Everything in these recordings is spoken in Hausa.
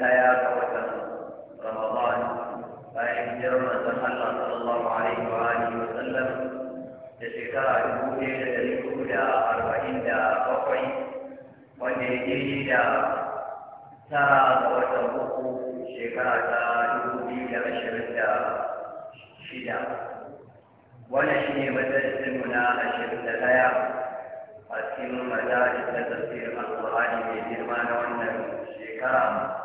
ɗaya ga watan Ramadan bayan hijirar manzon Allah sallallahu alaihi wa alihi wa sallam da shekara dubu ɗaya da ɗari uku arba'in da bakwai wanda ya daidai da tara ga watan uku shekara ta dubu biyu da ashirin da shida wannan shi ne majalisinmu na ashirin da ɗaya a cikin majalisar tafsirin alƙur'ani mai girma na wannan shekara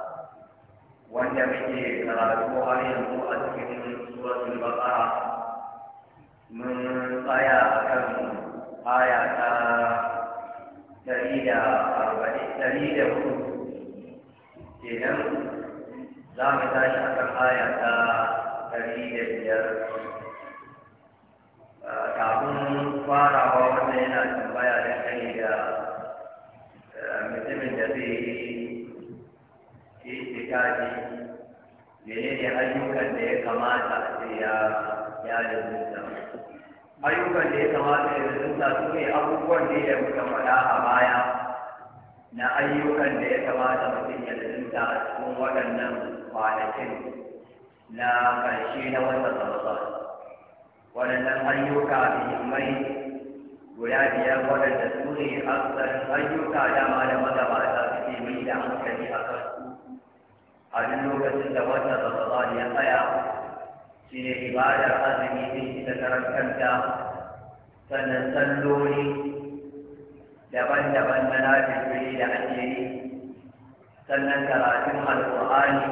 wanda muke karatu a yanzu a cikin suratul baqara mun tsaya akan aya ta dari da arba'in dari da hudu kenan za mu tashi akan aya ta dari da biyar kafin farawa wanda yana tambaya dangane da eh, mutumin da zai yi lissafi menene ayyukan da ya kamata a ce ya ya rubuta ayyukan da ya kamata ya rubuta su ne abubuwan da ya muka faɗa a baya na ayyukan da ya kamata mutum ya rubuta a cikin waɗannan kwanakin na ƙarshe na watan Ramadan waɗannan ayyuka muhimmai guda biyar waɗanda su ne ayyuka dama da magabata suke mai da hankali a kansu a duk lokacin da wata ramadan ya tsaya shi ne ibadar azumi din da karan kanta sannan salloli daban-daban na lafiyar da ake yi sannan karatun alƙur'ani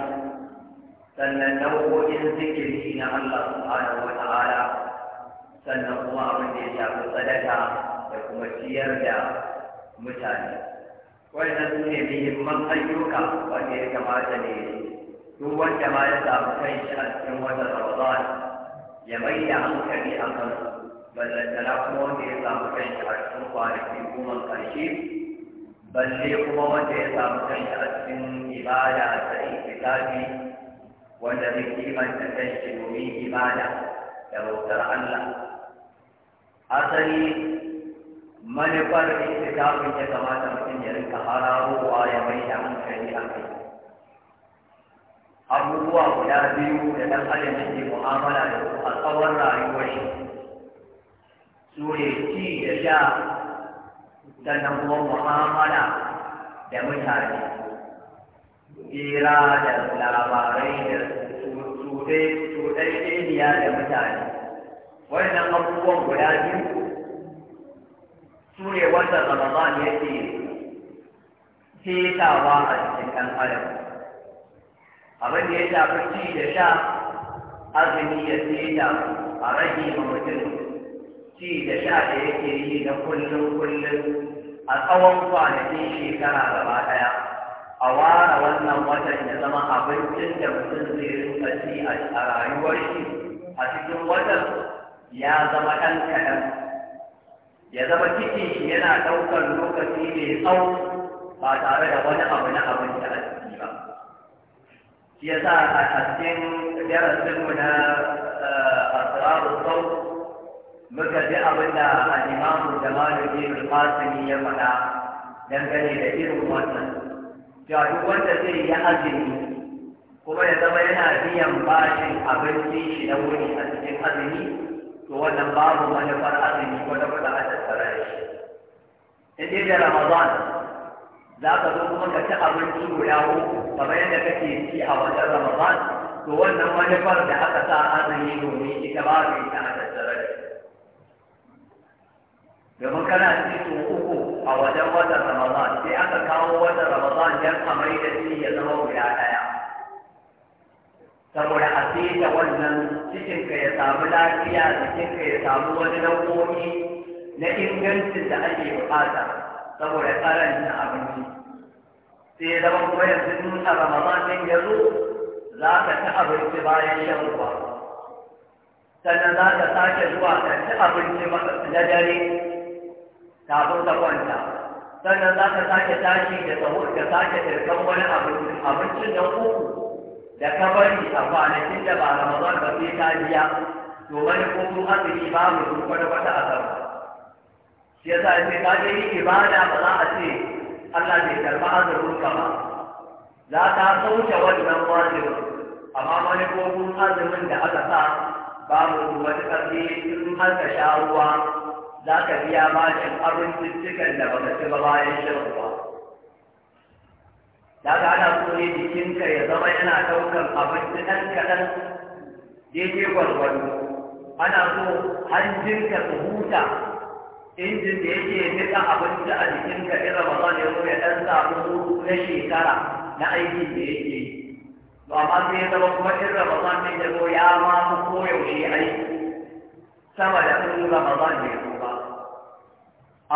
sannan nau'o'in zikiri na Allah subhanahu wa ta'ala sannan kuma abin da ya shafi sadaka da kuma ciyar da mutane wannan su ne muhimman ayyuka wanda ya kamata ne duk wanda ma ya samu kai shi a cikin wata ramadan ya mai da hankali a kan ballantana kuma wanda ya samu kai shi a cikin kwanaki goma ƙarshe balle kuma wanda ya samu kai shi a cikin ibada ta ikitafi wanda zai kimanta kan shi domin ibada da bautar Allah asali ita manufar itikafin ya kamata mutum ya rika ruwa ya mai da hankali a kai abubuwa guda biyu da dan adam yake mu'amala da su a tsawon rayuwar shi su ne ci da sha sannan kuma mu'amala da mutane tsira da labarai da cuɗe cuɗe da mutane wannan abubuwan guda biyu su ne wanda ramadan yake ketawa a cikin ɗan adam abin da ya shafi ci da sha azumi ya keta a rage ma mutum ci da sha da yake yi na kullum kullum a tsawon kwanakin shekara gaba ɗaya a ware wannan watan ya zama abincin da mutum zai rinka ci a rayuwar shi a cikin watan ya zama ɗan kaɗan ya zama ciki shi yana ɗaukar lokaci mai tsawo ba tare da wani abu na abinci a ciki ba shi ya sa a cikin darasinmu na eh, asirarun sau muka ji abin da al'imamu da malamin alfasini ya faɗa dangane da irin wannan cewa duk wanda zai yi azumi kuma ya zama yana biyan bashin abinci shi na wuri a cikin azumi to wannan babu manufar azumi ko da kuma a tattara da shi in da ramadan za ka zo kuma ka ci abinci guda uku kamar yadda kake ci a wajen ramadan to wannan wani manufar da aka sa azumi domin ita ba babu ita a tattara da shi domin kana ci su uku a wajen wata ramadan sai aka kawo wata ramadan don a mai da shi ya zama guda ɗaya saboda a sai da wannan cikinka ya samu lafiya cikinka ya samu wani nau'o'i na ingancin da ake bukata saboda karancin abinci sai ya zama kuma yanzu in a ramadan ɗin ya zo za ka ci abinci bayan shan ruwa sannan za ka sake zuwa ka ci abinci na dare kafin ka kwanta sannan za ka sake tashi da sahur ka sake ɗirkan wani abincin da uku da ka bari a kwanakin da ba Ramadan ba sai ta biya to wani kuma azumi babu su kwata kwata a sarfa shi yasa sai ka je yi ibada ba za a ce Allah bai karba azumin ka ba za ta sauke wannan wajibin amma wani kuma azumin da aka sa babu su wata ƙarfi in har ka sha ruwa za ka biya bashin abincin cikin da baka ci ba bayan shan ba. kaga ana so ne jikinka ya zama yana ɗaukar abinci ɗan kaɗan ya ke gwargwado ana so hanjinka su huta injin da yake nika abinci a jikinka in ramadan ya zo ya ɗan samu hutu na shekara na aikin da yake ke. to amma sai ya zama kuma in ramadan ne ya zo ya ma fi koyaushe aiki sama da in ramadan ne ya zo ba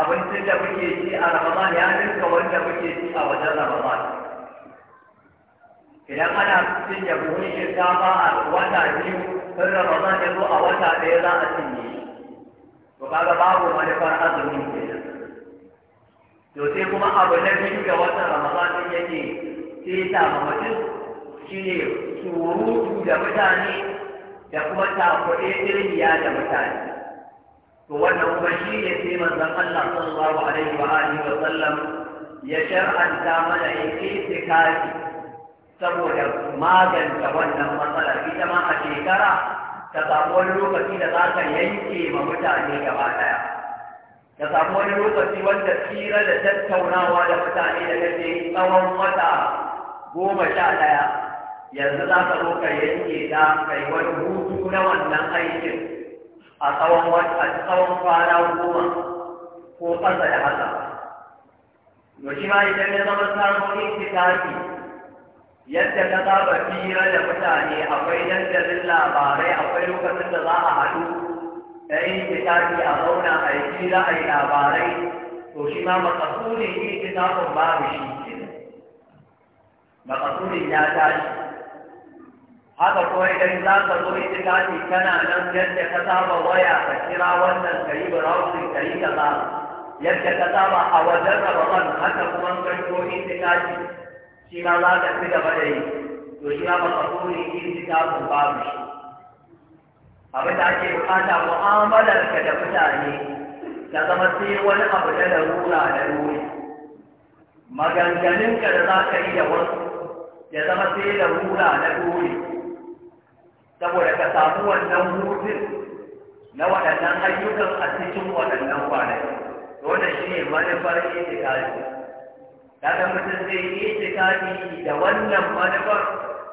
abincin da muke ci a ramadan ya ninka wanda muke ci a wajen ramadan idan ana cin da buhun shinkafa a wata biyu sun ramadan ya zo a wata ɗaya za a cinye shi to kaga babu manufar azumin kenan to sai kuma abu na biyu da watan ramadan din yake sai ta ma mutum shine surutu da mutane da kuma takuɗe irgiya da mutane to wannan kuma shi ne sai manzon Allah sallallahu alaihi wa alihi wa sallam ya shar'anta mana ya yin itikafi saboda maganta wannan matsalar ita ma a shekara ta samu wani lokaci da za ka yanke ma mutane gaba ɗaya, ta samu wani lokaci wanda tsira da tattaunawa da mutane da kake tsawon wata goma sha ɗaya yanzu za ka zo ka yanke ta kai wani hutu na wannan aikin a tsawon tsawon kwana goma ko ƙasa da haka. Yoshi ma idan ya zama samun ikitaki yadda ta saba fira da mutane akwai dandalin labarai akwai lokacin da za a haɗu da yin fitaki a zauna a yi fira a yi labarai to shi ma makasurin yi kitabun babu shi makasurin ya tashi haka kuma idan za ka zo itikafi kana nan yadda ka saba waya ka kira wannan ka yi browsing ka yi kaza yadda ka saba a wajen rababan haka kuma kai ko zo itikafi shi ma za ka fi gaba da yi to shi ma baka kore ta littafin babu shi abin da ake bukata mu'amalar ka da mutane ta zama sai wani abu da larura da ruri ka da za ka yi da wasu ya zama sai larura na ruri saboda ka samu wannan hutun na waɗannan ayyukan a cikin waɗannan kwanaki wannan shi ne manufar itikafi kaga mutum zai yi itikadi da wannan manufar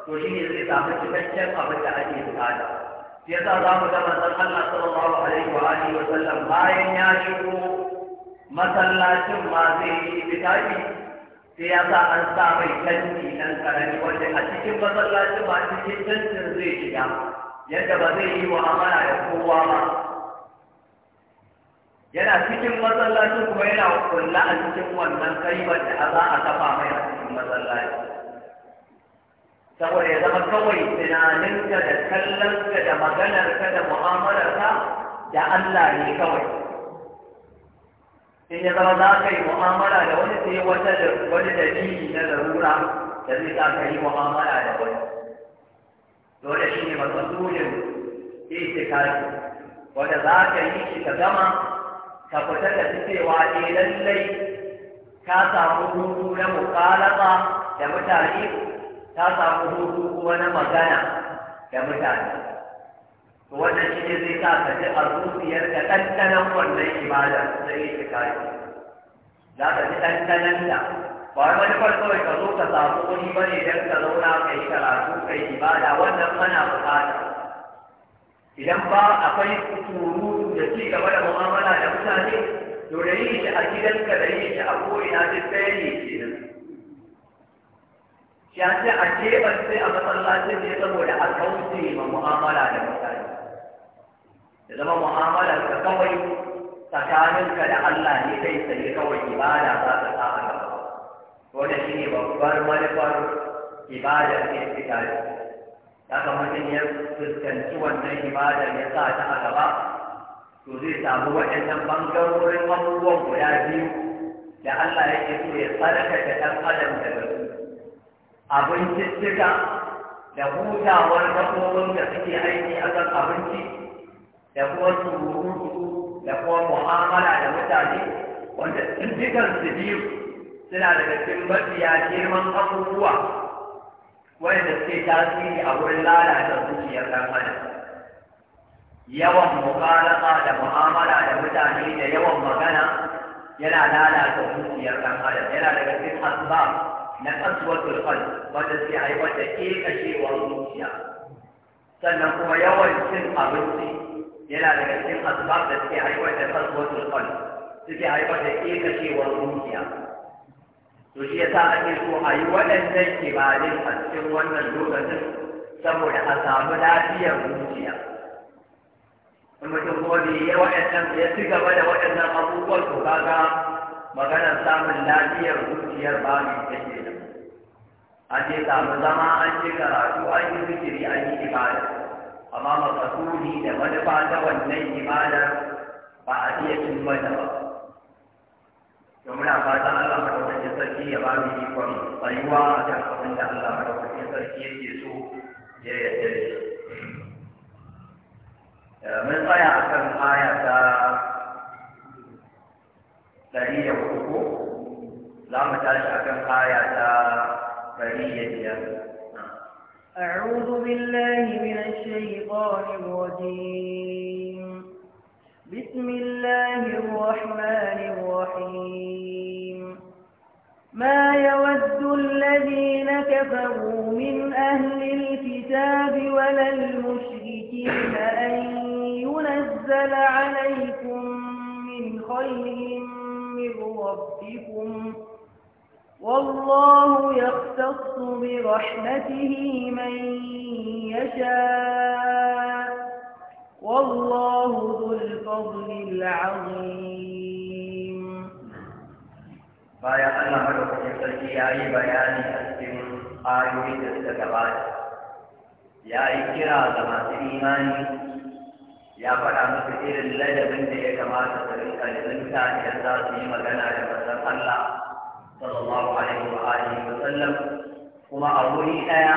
to shi ne zai samu cikakken abin da ake bukata sai yasa za mu ga manzon Allah sallallahu alaihi wa alihi wa sallam bayan ya shigo masallacin ma zai yi sai ya sa an sa mai tanti nan karami wanda a cikin masallacin ma cikin tantin zai shiga yadda ba zai yi mu'amala da kowa ba yana cikin masallacin kuma yana kulla a cikin wannan kaibar da za a kafa mai a cikin masallaci saboda ya zama kawai tunaninka da kallonka da maganarka da mu'amalarka da Allah ne kawai in ya zama za ka yi mu'amala da wani sai wata da wani dalili na larura da zai sa ka yi mu'amala da wani dole shi ne ita itikafi wanda za ka yi shi ka gama ka fita ka ji cewa eh lallai ka samu hutu na mukalaba da mutane ta samu hutu kuma na magana da mutane to wannan shi ne zai sa ka ji a zuciyar ka ɗanɗanon wannan ibada da ya shi kayi za ka ji ɗanɗanon da ba wani farko ka zo ka samu wani bane don ka zauna ka yi karatu ka yi ibada wannan ana buƙata idan ba akwai turu da ci gaba da mu'amala da mutane to da yi shi a gidanka da yi shi a ko'ina duk ɗaya ne ke nan shi an ce a keɓar sai a masallacin ne saboda a kauce ma mu'amala da mutane da zama mu'amalar ka kawai tsakaninka da Allah ne kai tsaye kawai ibada za ta sa a gaba da shi ne babbar manufar ibadar ne daga mutum ya fuskanci wannan ibada ya sa ta a gaba to zai samu waɗannan bangarorin abubuwan guda biyu da Allah ke so ya tsarkake ɗan adam da su abinciccika da hutawar dabbobin da suke aiki a kan abinci da kuma surutu da kuma mu'amala da mutane wanda dukkan su biyu suna daga cikin mafiya girman abubuwa wanda suke tasiri a wurin lalata zuciyar ɗan adam yawan mukhalafa da mu'amala da mutane da yawan magana yana lalata zuciyar ɗan adam yana daga cikin asbab na kasuwar qalb wanda suke haifar da kekashewar zuciya sannan kuma yawan cin abinci yana daga cikin asbab da suke haifar da kasuwar qalb suke haifar da kekashewar zuciya to shi yasa ake so a yi waɗannan kibarin a cikin wannan lokacin saboda a samu lafiyar zuciya in mutum ko ne ya waɗannan ya ci gaba da waɗannan abubuwan to kaga maganar samun lafiyar zuciyar ba mai take da an je samu zama an je karatu an yi zikiri an yi ibada amma makasuri da manufa ta wannan ibada ba a iya cin mata ba to muna fatan Allah madaukakin sarki ya ba mu ikon tsayuwa a kan abin da Allah madaukakin sarki yake so ya yarda da shi eh, mun tsaya a kan aya ta ɗari da uku za mu tashi a kan aya ta ɗari da biyar أعوذ بالله من الشيطان الرجيم بسم الله الرحمن الرحيم ما يود الذين كفروا من أهل الكتاب ولا المشركين أن ينزل عليكم من خير من ربكم والله يختص برحمته من يشاء والله ذو الفضل العظيم bayan Allah madaukakin sarki ya yi bayani a cikin ayoyi da suka gabata ya yi kira ga masu imani ya faɗa musu irin ladabin da ya kamata su rinka lilinta za su yi magana da manzon Allah sallallahu alaihi wa alihi wa sallam kuma a wuri ɗaya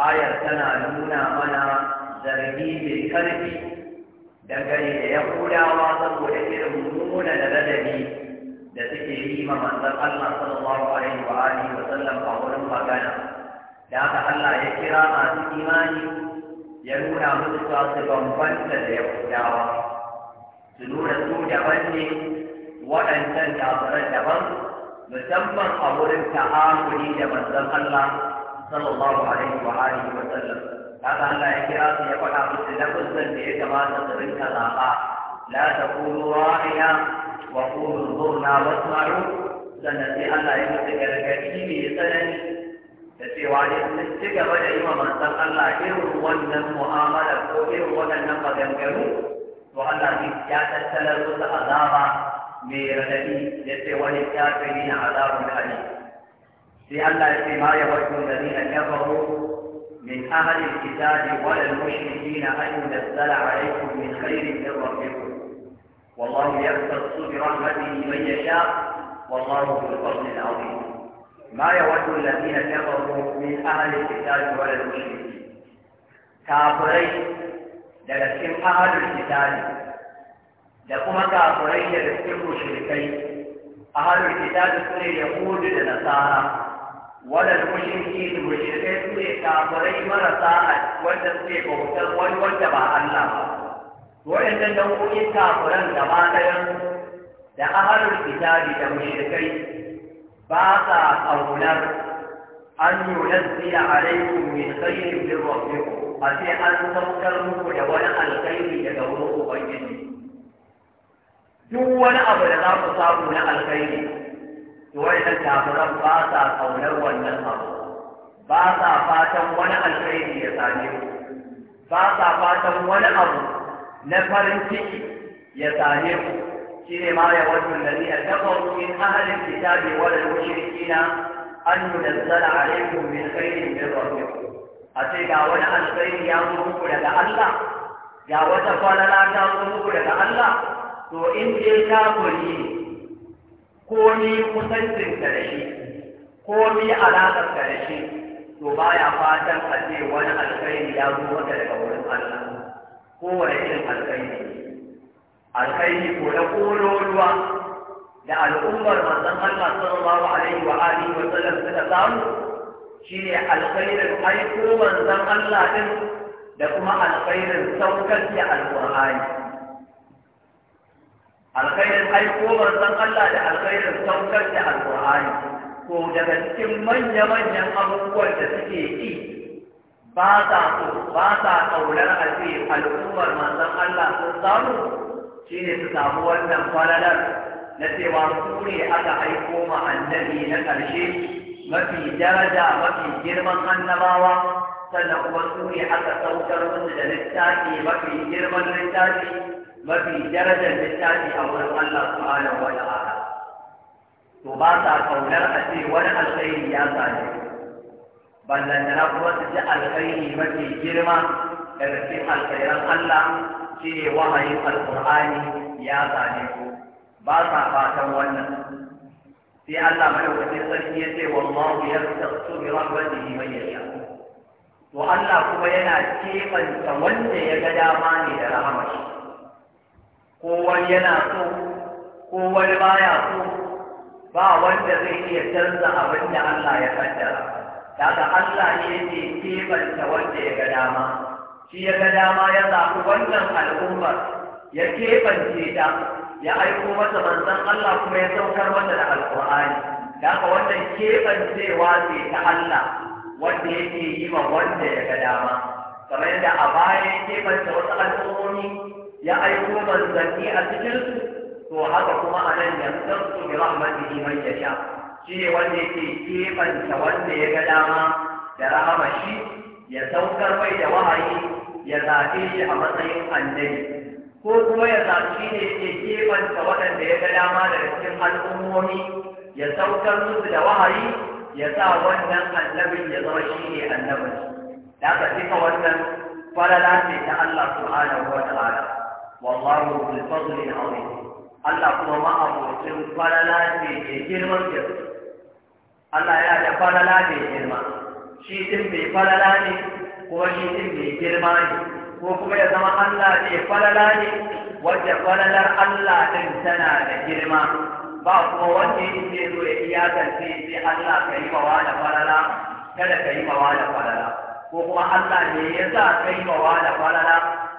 ayar tana nuna mana zargi mai karfi dangane da ya yahudawa saboda irin mummuna da ladabi da suke yi ma manzan Allah sallallahu alaihi wa alihi wa sallam a wurin magana da haka Allah ya kira masu imani ya nuna musu cewa su bambanta da yahudawa su nuna su daban ne waɗancan kafiran daban musamman a wurin ta'amuli da manzan Allah sallallahu alaihi wa alihi wa sallam kaga Allah ya kira su ya faɗa musu lafazan da ya kamata su rinka zaɓa la taqulu ra'ina wa qulu zurna wasma'u sannan sai Allah ya musu gargaɗi mai tsanani da cewa ne sun ci gaba da yi wa manzon Allah irin wannan mu'amala ko irin waɗannan maganganu to Allah ne ya tattalar musu azaba mai raɗaɗi ya ce wani kafiri na azabun hali sai Allah ya ce ma ya wasu da ni a kafaru من أهل الكتاب ولا المشركين أن ينزل عليكم من خير من ربكم والله يقتص برحمته من يشاء والله ذو الفضل العظيم ما يود الذين كفروا من أهل الكتاب ولا المشركين كافرين daga أهل الكتاب kitabi كافرين kuma kafirai أهل الكتاب mushrikai ahalul للنصارى wala mushriki da mushrikai su ne kafirai marasa a wanda suke bautar wani wanda ba Allah ba waɗannan nau'o'in kafiran gaba ɗayan da ahalul kitabi da mushrikai ba sa ƙaunar an yunazzila alaikum min khairin min biyu a sai an saukar muku da wani alkhairi daga wurin ubangiji duk wani abu da za ku samu na alkhairi to wayannan kafiran ba sa kaunar wannan abu ba sa fatan wani alkhairi ya same ku ba sa fatan wani abu na farin ciki ya same ku shi ne ma ya wajen da ni a taɓa min ahalin kitabi wadda mushrikina an yunazzala alaikum min khairin min rabbikum a ce ga wani alkhairi ya zo muku daga Allah ga wata falala ta zo muku daga Allah to in je kafiri ne komi kusancin karshe komi alaƙar karshe to baya fatan a ce wani alkhairi ya zo maka daga wurin Allah wani irin alkhairi alkhairi ko na ruwa, da al'ummar manzon Allah sallallahu alaihi wa alihi wa sallam suka samu shine alkhairin aiko manzon Allah din da kuma alkhairin saukar da alqur'ani alkhairin aiko san Allah da alkhairin saukar da alqur'ani ko daga cikin manya-manyan abubuwan da suke yi ba sa so ba sa kaunar a al'ummar manzon Allah sun samu shine su samu wannan falalar na cewa su ne aka aiko ma annabi na ƙarshe mafi daraja mafi girman annabawa sannan kuma su ne aka saukar musu da littafi mafi girman littafi mafi darajar littafi a wurin Allah subhanahu wani ta'ala to ba sa kaunar a ce wani alkhairi ya same ballantana kuma su ji alkhairi mafi girma daga cikin alkhairan Allah shi ne wahayin alkur'ani ya same ku ba sa fatan wannan sai Allah madaukakin sarki ya ce wallahu yastaqsu bi rahmatihi man yasha to Allah kuma yana kebanta wanda ya ga dama ne da rahama shi ko wani yana so ko wani baya so ba wanda zai iya canza abin da Allah ya kaddara daga Allah ne yake kebanta wanda ya ga dama shi ya ga dama ya zafi wannan al'ummar ya kebance ta ya aiko masa manzon Allah kuma ya saukar masa da alƙur'ani daga wannan kebancewa ce ta Allah wanda yake yi wa wanda ya ga dama kamar yadda a baya ya kebanta wasu al'ummomi ya aiko manzanni a cikinsu to haka kuma a nan yamsansu bi rahmatihi man yasha shi ne wanda yake kebanta wanda ya ga dama da rahama shi ya saukar mai da wahayi ya zaɓe shi a matsayin annabi ko kuma ya zaɓi ne ke kebanta waɗanda ya ga dama daga cikin al'ummomi ya saukar musu da wahayi ya sa wannan annabin ya zama shi ne annabin da aka cika wannan falala ce ta Allah subhanahu wa ta'ala wallahu bi fadli azim Allah kuma ma falala ne ke girman da Allah ya da falala ne girma shi din bai falala ne ko shi din bai girma ne ko kuma ya zama Allah ne falala ne wanda falalar Allah din tana da girma ba kuma wanda yake zo ya iyakance sai Allah ka yi mawa da falala kada ka yi mawa da falala ko kuma Allah ne ya sa ka yi mawa da falala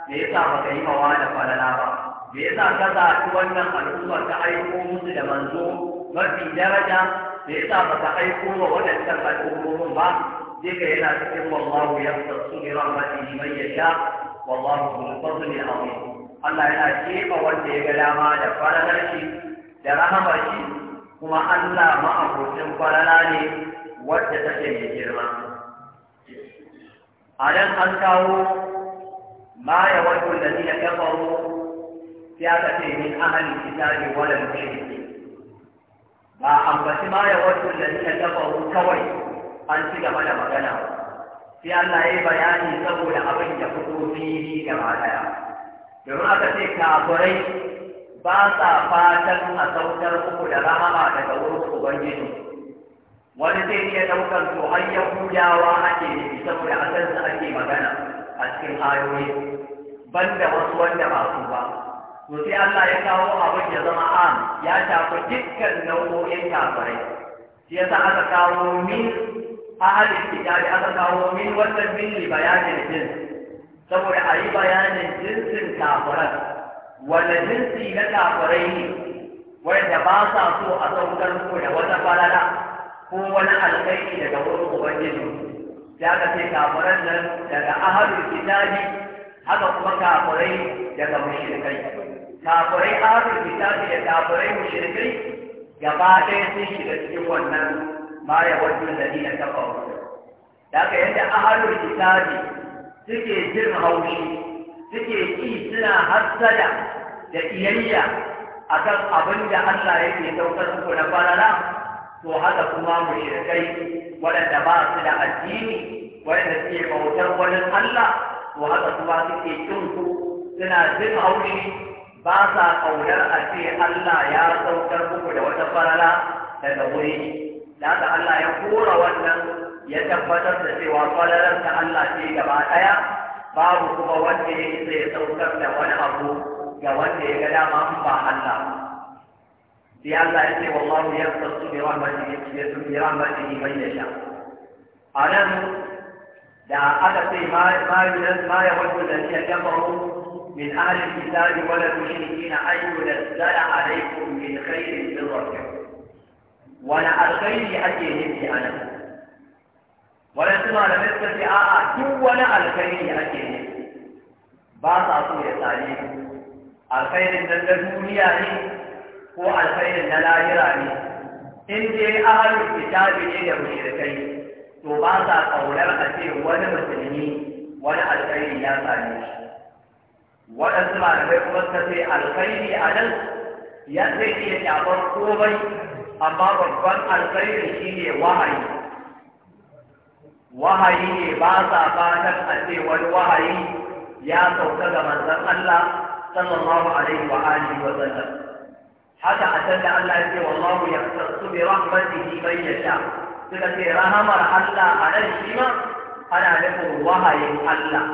me yasa baka yi mawa da falala ba me yasa ka zaɓi wannan al'umma ta aiko musu da manzo mafi daraja me yasa baka aiko wa waɗancan al'ummomin ba sai yana cikin wallahu ya fasu bi rahmatihi man yasha wallahu bil fadli azim Allah yana keɓe wanda ya ga dama da falalar shi da rahama shi kuma Allah ma'abocin falala ne wadda take mai girma a nan an kawo ما يود الذين كفروا سياسة من أهل الكتاب ولا المشركين ما أنبت ما يود الذين كفروا كوي أن تجمع مغنى في أن أي saboda abin أبن يفتو فيه gaba لا domin aka ce kafirai ba sa fatan a sautar uku da rahama daga wurin ubangiji wani zai iya ɗaukar to har yahudawa ake nufi saboda a ake magana a cikin ayoyi da wasu wanda ba su ba to sai Allah ya kawo abin ya zama an ya shafi dukkan nau'o'in kafirai shi yasa aka kawo min a ahalin kitabi aka kawo min wannan min bayanin jin saboda a yi bayanin jinsin kafiran wanda jinsi na kafirai ne wanda ba sa so a saukar ko da wata falala ko wani alkhairi daga wurin ubangiji da ka ce kafiran nan daga ahalul kitabi haka kuma kafirai daga mushrikai kafirai ahalul kitabi da kafirai mushrikai gaba ɗaya sun shiga cikin wannan ma ya wajen da ni na kafa da aka yadda ahalul kitabi suke jin haushi suke ƙi suna hassada da iyayya akan abin da Allah yake saukar muku na farala to haka kuma mushrikai waɗanda ba su da addini waɗanda suke bautar wajen Allah to haka kuma suke cin ku suna jin haushi ba sa ƙaunar a ce Allah ya saukar muku da wata farala daga wuri da haka Allah ya kora wannan ya tabbatar da cewa falalar ta Allah ce gaba ɗaya babu kuma wanda ya isa ya saukar da wani abu ga wanda ya ga dama ba Allah sai Allah ya ce wallahu yaqtasu bi rahmatihi yaqtasu bi rahmatihi man yasha anan da aka ce ma ma ma ya wato da ya kafaru min ahli kitabi wala mushrikina ay yunzala alaykum min khairin min rabbikum wala alkhairi ake anan wala tuma da miskati a'a duk wani alkhairi ake nufi ba sa so ya ne ko alkhairin na lahira ne in je ahalin kitabi ne da mushrikai to ba sa kaunar a ce wani musulmi wani alkhairi ya same shi waɗansu malamai kuma suka ce alkhairi a nan ya zai iya shafar komai amma babban alkhairi shi ne wahayi wahayi ne ba sa fatan a ce wani wahayi ya sauka ga manzon Allah sallallahu alaihi wa alihi wa sallam haka a can da Allah ya ce wallahu ya tsarsu bi rahmatihi man yasha suka ce rahamar Allah a nan shi ma ana nufin wahayin Allah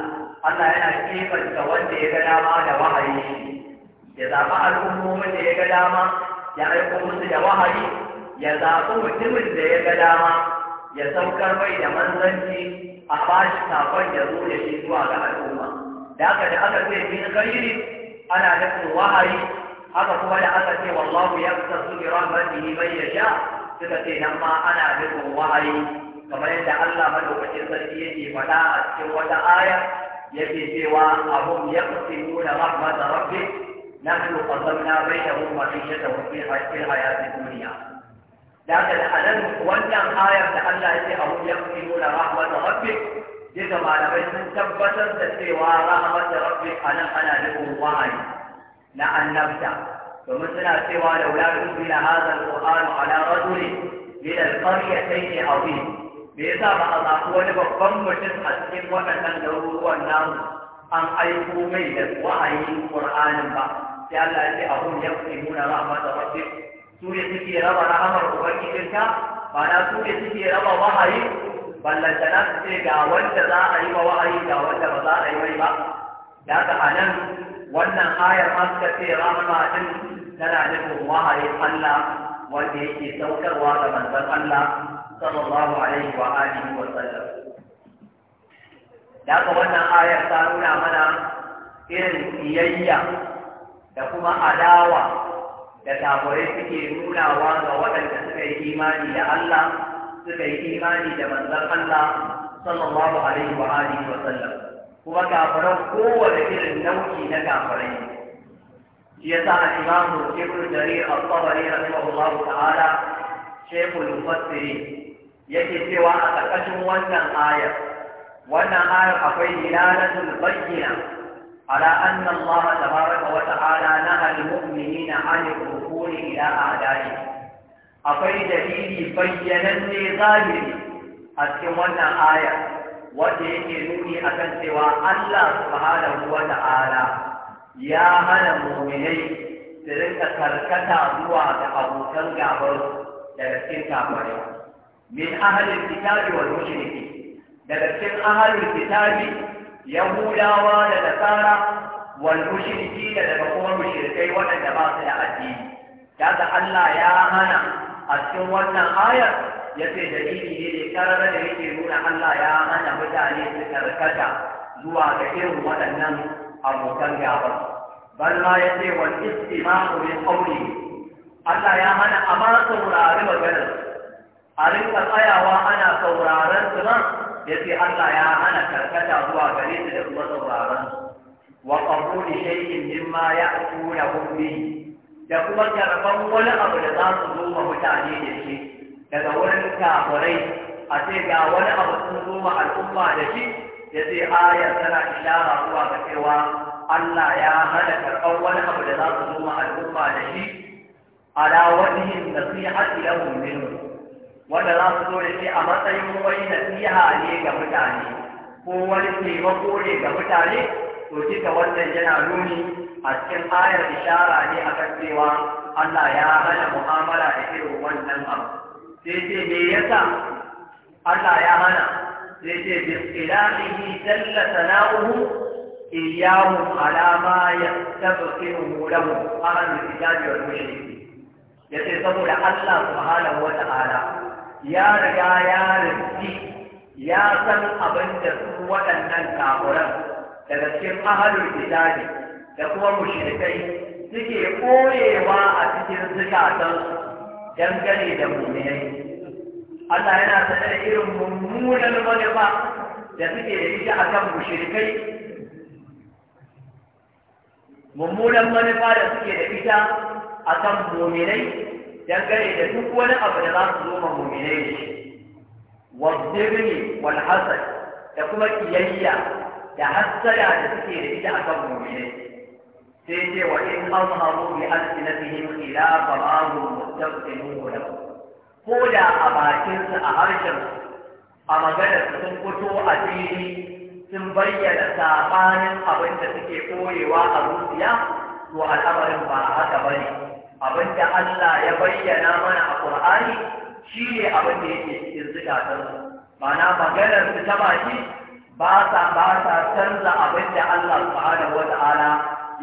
Allah yana kebanta wanda ya ga dama da wahayi ya zaɓi al'ummomin da ya ga dama ya aiko musu da wahayi ya zaɓi mutumin da ya ga dama ya saukar mai da manzanci a bashi sakon ya zo da shi zuwa ga al'umma da haka da aka ce min ghairi ana nufin wahayi haka kuma da aka ce wallahu ya fita tasu bi rahmatihi man yasha suka ce nan ma ana nufin wahayi kamar yadda Allah madaukakin sarki yake faɗa a cikin wata aya yake cewa abun ya kusimu da rahmat rabbi nahnu qasamna bainahum ma'ishatahum fi hayati hayati dunya da haka da anan wannan ayar da Allah ya ce abun ya kusimu da rahmat rabbi duka malamai sun tabbatar da cewa rahmat rabbi anan ana nufin wahayi na annabta domin suna cewa da wulatun bila hada alƙur'anu ala rajulin min alqaryatayn azim me yasa ba a zaɓi wani babban mutum a cikin waɗannan garuruwan namu an aiko mai da wahayin qur'anin ba sai Allah ya ce a hum yaqsimuna da rabbik su ne suke raba rahamar ubangijinka ba na su ne suke raba wahayi ballantana su ce ga wanda za a yi wa wahayi ga wanda ba za a yi mai ba da haka a nan wannan ayar ma suka ce rahama din tana nufin wahayin Allah wanda yake saukarwa ga manzon Allah sallallahu alaihi wa alihi wa sallam da wannan ayar ta nuna mana irin siyayya da kuma adawa da taburai suke nunawa ga waɗanda suka yi imani da Allah suka yi imani da manzon Allah sallallahu alaihi wa alihi wa sallam kuma kafiran kowane irin nauki na kafirai shi yasa a imam Ibn Jarir al-Tabari rahimahullah ta'ala shaykhul mufassiri yake cewa a ƙarƙashin wannan ayar wannan ayar akwai dilalatul bayyana ala anna Allah tabaraka wa ta'ala naha al-mu'minina 'an al-rukun ila a'da'i akwai dalili bayyananne zahiri a cikin wannan ayar wanda yake nuni akan cewa Allah subhanahu wa ta'ala ya hana mu'minai su rinka karkata zuwa ga abokan gabar daga cikin kafare min ahalin kitabi wal mushriki daga cikin ahalin kitabi yahudawa da nasara wal mushriki da daga kuma mushrikai waɗanda ba su da addini kaga Allah ya hana a cikin wannan ayar ya ce dalili ne da karara da yake nuna Allah ya hana mutane su karkata zuwa ga irin waɗannan abokan gaba bal ma ya ce wal istima'u min qawli Allah ya hana a ma saurari maganar a rinka tsayawa ana sauraron su nan ya ce Allah ya hana karkata zuwa gare su da kuma sauraron wa qabuli shay'in mimma ya'tuna bihi da kuma karban wani abu da za su zo mutane da shi daga wurin kafirai a ce ga wani abu sun zo ma al'umma da shi ya zai ayar tana ishara zuwa ga cewa Allah ya hana karɓar wani abu da za su zo ma al'umma da shi A da su yi nasihati da minhu wanda za su zo da shi a matsayin wani nasiha ne ga mutane ko wani taimako ne ga mutane to da wannan yana nuni a cikin ayar ishara ne a kan cewa Allah ya hana mu'amala da irin wannan abu sai ce me yasa Allah ya hana sai ce bi ilahi dalla sana'uhu iyyahum ala ma yastabqinuhu lahu aran kitabi wal mushriki yace saboda Allah subhanahu wa ta'ala ya riga ya rinci ya san abin da su waɗannan kafuran daga cikin ahalul kitabi da kuma mushrikai suke koyewa a cikin zukatansu dangane da mummai Allah yana sanar da irin mummunan manufa da suke da ita akan mushrikai mummunan manufa da suke da ita akan muminai dangane da duk wani abu da za su zo ma muminai da shi wadzirni wal da kuma kiyayya da hasada da suke da ita akan muminai sai ce wa in azharu bi alsinatihim khilafa ma hum mustaqbilun lahu ko da a bakin su a harshen a magana sun fito a fili sun bayyana sabanin abin da suke koyewa a zuciya to al'amarin ba haka bane abin da Allah ya bayyana mana a Qur'ani shi ne abin da yake cikin zukatan ma'ana maganar su ta baki ba sa ba sa canza abin da Allah subhanahu wa ta'ala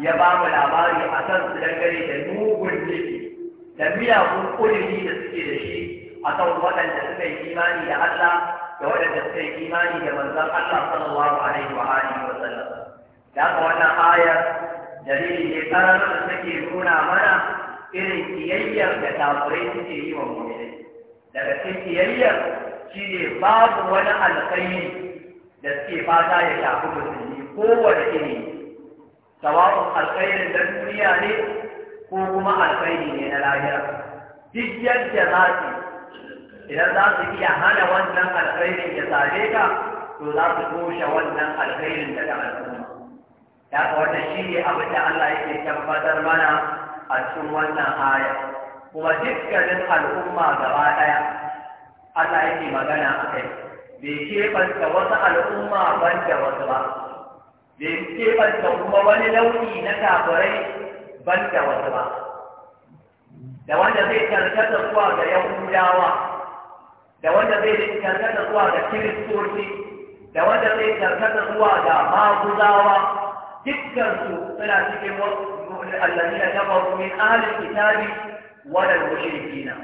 ya ba mu labari a kan su dangane da mugun jiki da miyagun ƙudiri da suke da shi a kan waɗanda suka yi imani da Allah da waɗanda suka yi imani da manzon Allah sallallahu alaihi wa alihi wa sallam da haka wannan ayar dalili ne karar da take nuna mana irin kiyayyar da kafirai suke yi wa mu'minai daga cikin kiyayyar shine babu wani alkhairi da suke fata ya shafi musulmi kowane iri sawa'un alkhairin da duniya ne ko kuma alkhairi ne na lahira duk yadda za su idan za su iya hana wannan alkhairin ya same ka to za su toshe wannan alkhairin daga al'umma ya ka wannan shi ne abin da Allah yake tabbatar mana a cikin wannan aya kuma dukkanin al'umma gaba ɗaya Allah yake magana a kai bai keɓanta wasu al'umma ban wasu ba da ya kebanta kuma wani launi na kafirai ban da wasu ba da wanda zai karkata zuwa ga yahudawa da wanda zai karkata zuwa ga kiristoci da wanda zai karkata zuwa ga maguzawa su suna cikin allazina kafaru min ahalin kitabi wadar lil mushrikina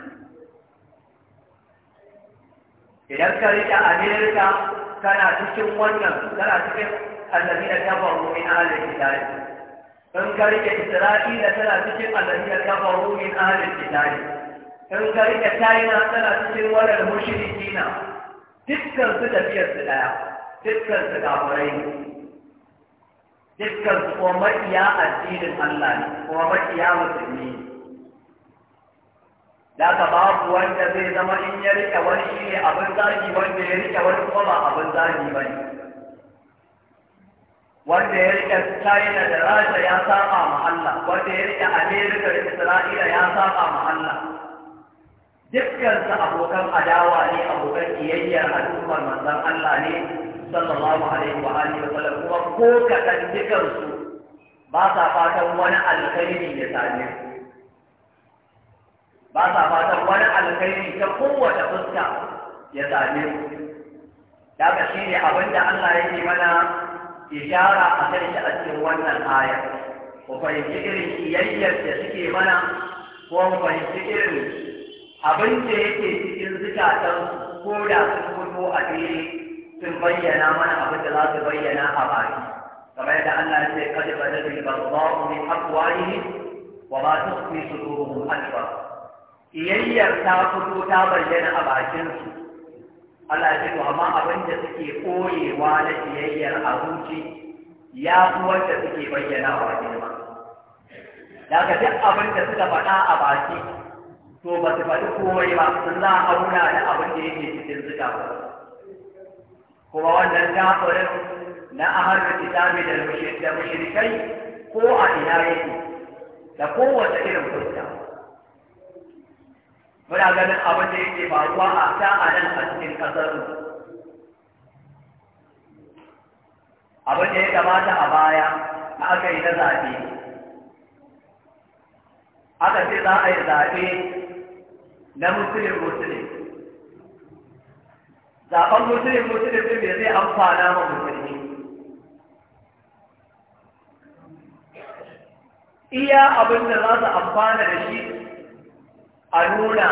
idan ka rika amerika kana cikin wannan kana cikin الذين كفروا من أهل الكتاب إن كرك إسرائيل تلا تشم الذين كفروا من أهل الكتاب إن كرك تاينا تلا تشم ولا المشركين تذكر تدبير سلاح تذكر تدابرين dukkan kuma maƙiya addinin Allah ne kuma maƙiya musulmi da ka babu wanda zai zama in ya rike wani shi ne abin zagi wanda ya rike wani kuma ba abin zagi ba ne wanda ya riƙe China da Rasha ya saba ma Allah wanda ya riƙe Amerika da Isra'ila ya saba ma Allah dukkansu abokan adawa ne abokan kiyayyar al'ummar manzon Allah ne sallallahu alaihi wa alihi wa sallam kuma ko kaɗan dukkansu ba sa fatan wani alkhairi ya same su ba sa fatan wani alkhairi ta kowace fuska ya same su daga shi ne da Allah yake mana ishara a kan shi a cikin wannan aya ku fahimci irin kiyayyar da suke mana ko mu fahimci irin abin da yake cikin zukatan ko da sun fito a fili sun bayyana mana abin da za su bayyana a baki kamar yadda Allah ya ce kada ba da bil barza'u min aqwalihi wa ma tukhfi suduruhum akbar kiyayyar ta fito ta bayyana a bakinsu Allah ya ce amma abin da suke koyewa na biyayyar abinci ya fi wanda suke bayyana wa girma daga duk abin da suka faɗa a baki to ba su faɗi komai ba sun za a auna da abin da yake cikin zuka kuma wannan kafirin na ahar kitabi da mashirikai ko a ina yake da kowace irin fuska muna ganin abin da yake faruwa a ta a nan a cikin ƙasar abin da ya gabata a baya na aka yi na zaɓe aka ce za a yi zaɓe na musulun musulun zaɓen musulun musulun ɗin bai zai amfana ma musulun iya abin da za su amfana da shi a nuna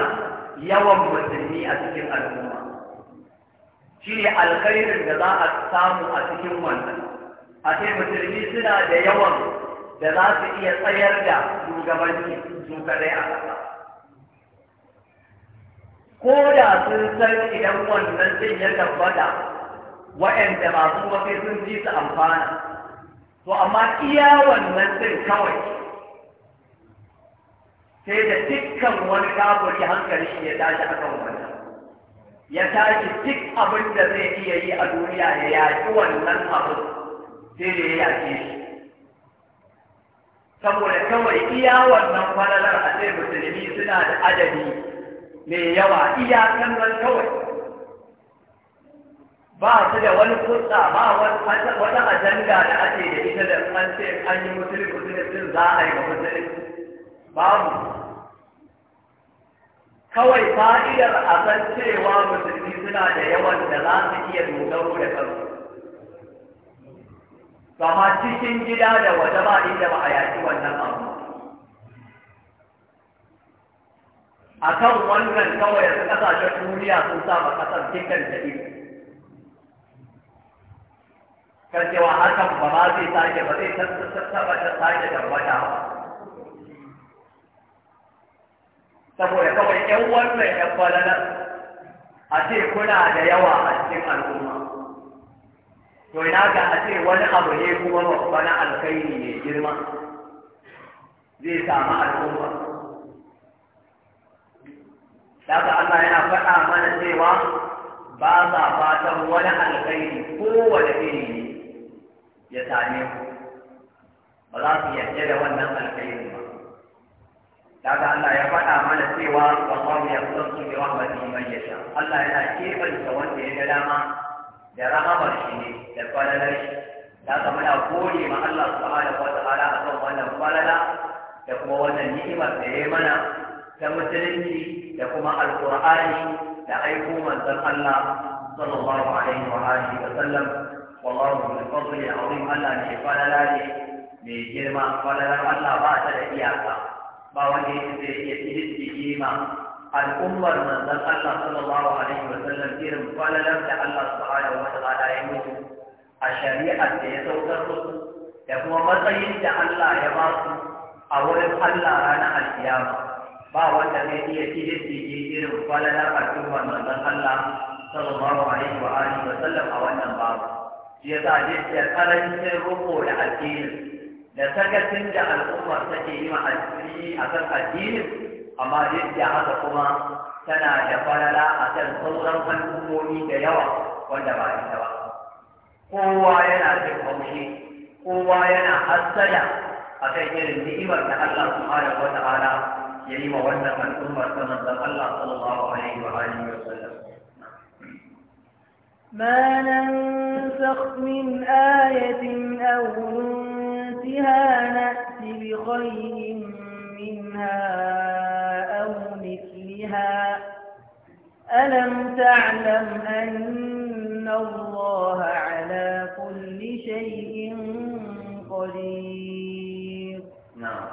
yawan musulmi a cikin al'umma shi ne alkhairin da za a samu a cikin wannan a ce musulmi suna da yawan da za su iya tsayar da shugabanci su kadai a ƙasa ko da sun san idan wannan zai ya tabbata wa'anda masu mafi sun ji su amfana to amma iya wannan din kawai sai da dukkan wani ki hankali shi ya tashi a kan wani, ya tashi duk abin da zai iya yi a duniya ya yaƙi wannan abin sai da ya yaƙe shi saboda kawai iya wannan falalar a sai musulmi suna da adadi mai yawa iya nan kawai ba su da wani kusa ba wata ajanda da ake da ita da an ce an yi musulmi musulmi za a yi musulmi babu kawai fa'idar a san cewa musulmi suna da yawan da za su iya dogaro da kansu kama cikin gida da waje ba inda ba a yaki wannan abu a kan wannan kawai yanzu ƙasashen duniya sun sa ba ƙasar cikin da ido kan cewa hakan ba ma zai sake ba zai ba ta sake tabbata ba saboda kawai ‘yan mai ‘yan falalar a ce kuna da yawa a cikin al'umma to ina ga a ce wani abu ne kuma babba na alkhairi ne girma zai samu al'umma daga Allah yana faɗa mana cewa ba sa fatan wani alkhairi kowane iri ne ya same ku ba za su yarda da wannan alkhairi ba kaga Allah ya faɗa mana cewa wallahu yaqtasu bi rahmatihi man yasha Allah yana kebanta wanda ya ga dama da rahamar shi ne da falalar shi da ka muna gode ma Allah subhanahu wa ta'ala akan wannan falala da kuma wannan ni'imar da ya mana ta musulunci da kuma alqur'ani da aiko manzon Allah sallallahu alaihi wa alihi wa sallam wallahu min fadli azim Allah ne falala ne mai girma falalar Allah ba ta da iyaka ba wanda yake zai iya tihiddi ma al'ummar manzon Allah sallallahu alaihi wa sallam irin falalar da Allah subhanahu wa ta'ala ya mutu a shari'ar da ya saukar musu da kuma matsayin da Allah ya ba su a wurin Allah ranar alkiyama ba wanda zai iya tihiddi irin falalar al'ummar manzon Allah sallallahu alaihi wa alihi wa sallam a wannan babu shi yasa ne ya karancin rubo da addinin da sakacin da al'umma take yi ma addini a kan addinin amma duk da haka kuma tana da falala a kan sauran al'ummomi da yawa wanda ba ita ba kowa yana jin haushi kowa yana hassada a kan irin ni'imar da Allah subhanahu wa ta'ala ya yi ma wannan al'ummar ta manzon Allah sallallahu alaihi wa alihi wa sallam ما ننسخ من آية أو ننسخ بها نأت بخير منها أو مثلها ألم تعلم أن الله على كل شيء قدير نعم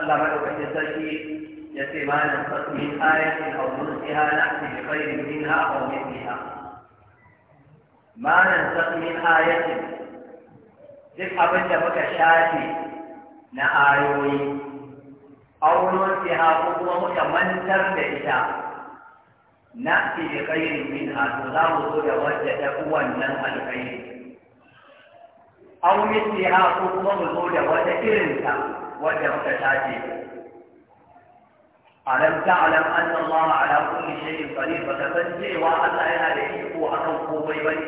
الله ملك التسجيل يتما نفس من آية أو نسخها نأتي بخير منها أو مثلها ما ننسخ من آية duk abin da muka shafe na ayoyi aunon siha ko kuma muka mantar da ita na ce da kairi min a za mu zo da wadda ta wannan alkairi Aure siha ko kuma mu zo da wata irinta wadda muka shafe ألم تعلم أن الله على كل شيء قدير فتفجئ وأن لا يهدئ أكو أكو بيبني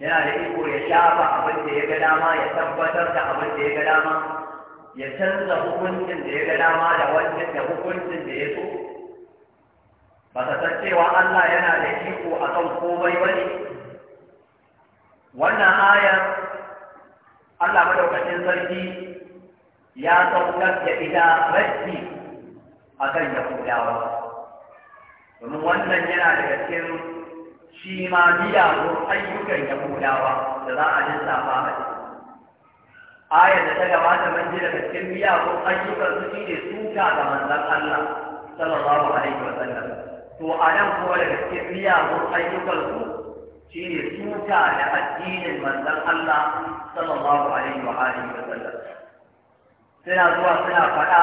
yana da iko ya shafa abin da ya ga dama ya tabbatar da abin da ya ga dama ya canza hukuncin da ya ga dama da wancan da hukuncin da ya so ba ta san cewa Allah yana da iko akan komai ba ne wannan aya Allah madaukakin sarki ya saukar da ita a akan yahudawa domin wannan yana daga cikin shi ma ko ayyukan ya yahudawa da za a ba a ciki ayar da ta gabata mun ji daga cikin ko ayyukan su shine suka ga manzan Allah sallallahu alaihi wa sallam to a nan kuma daga cikin ko ayyukan su shine suka da addinin manzan Allah sallallahu alaihi wa alihi wa sallam suna zuwa suna faɗa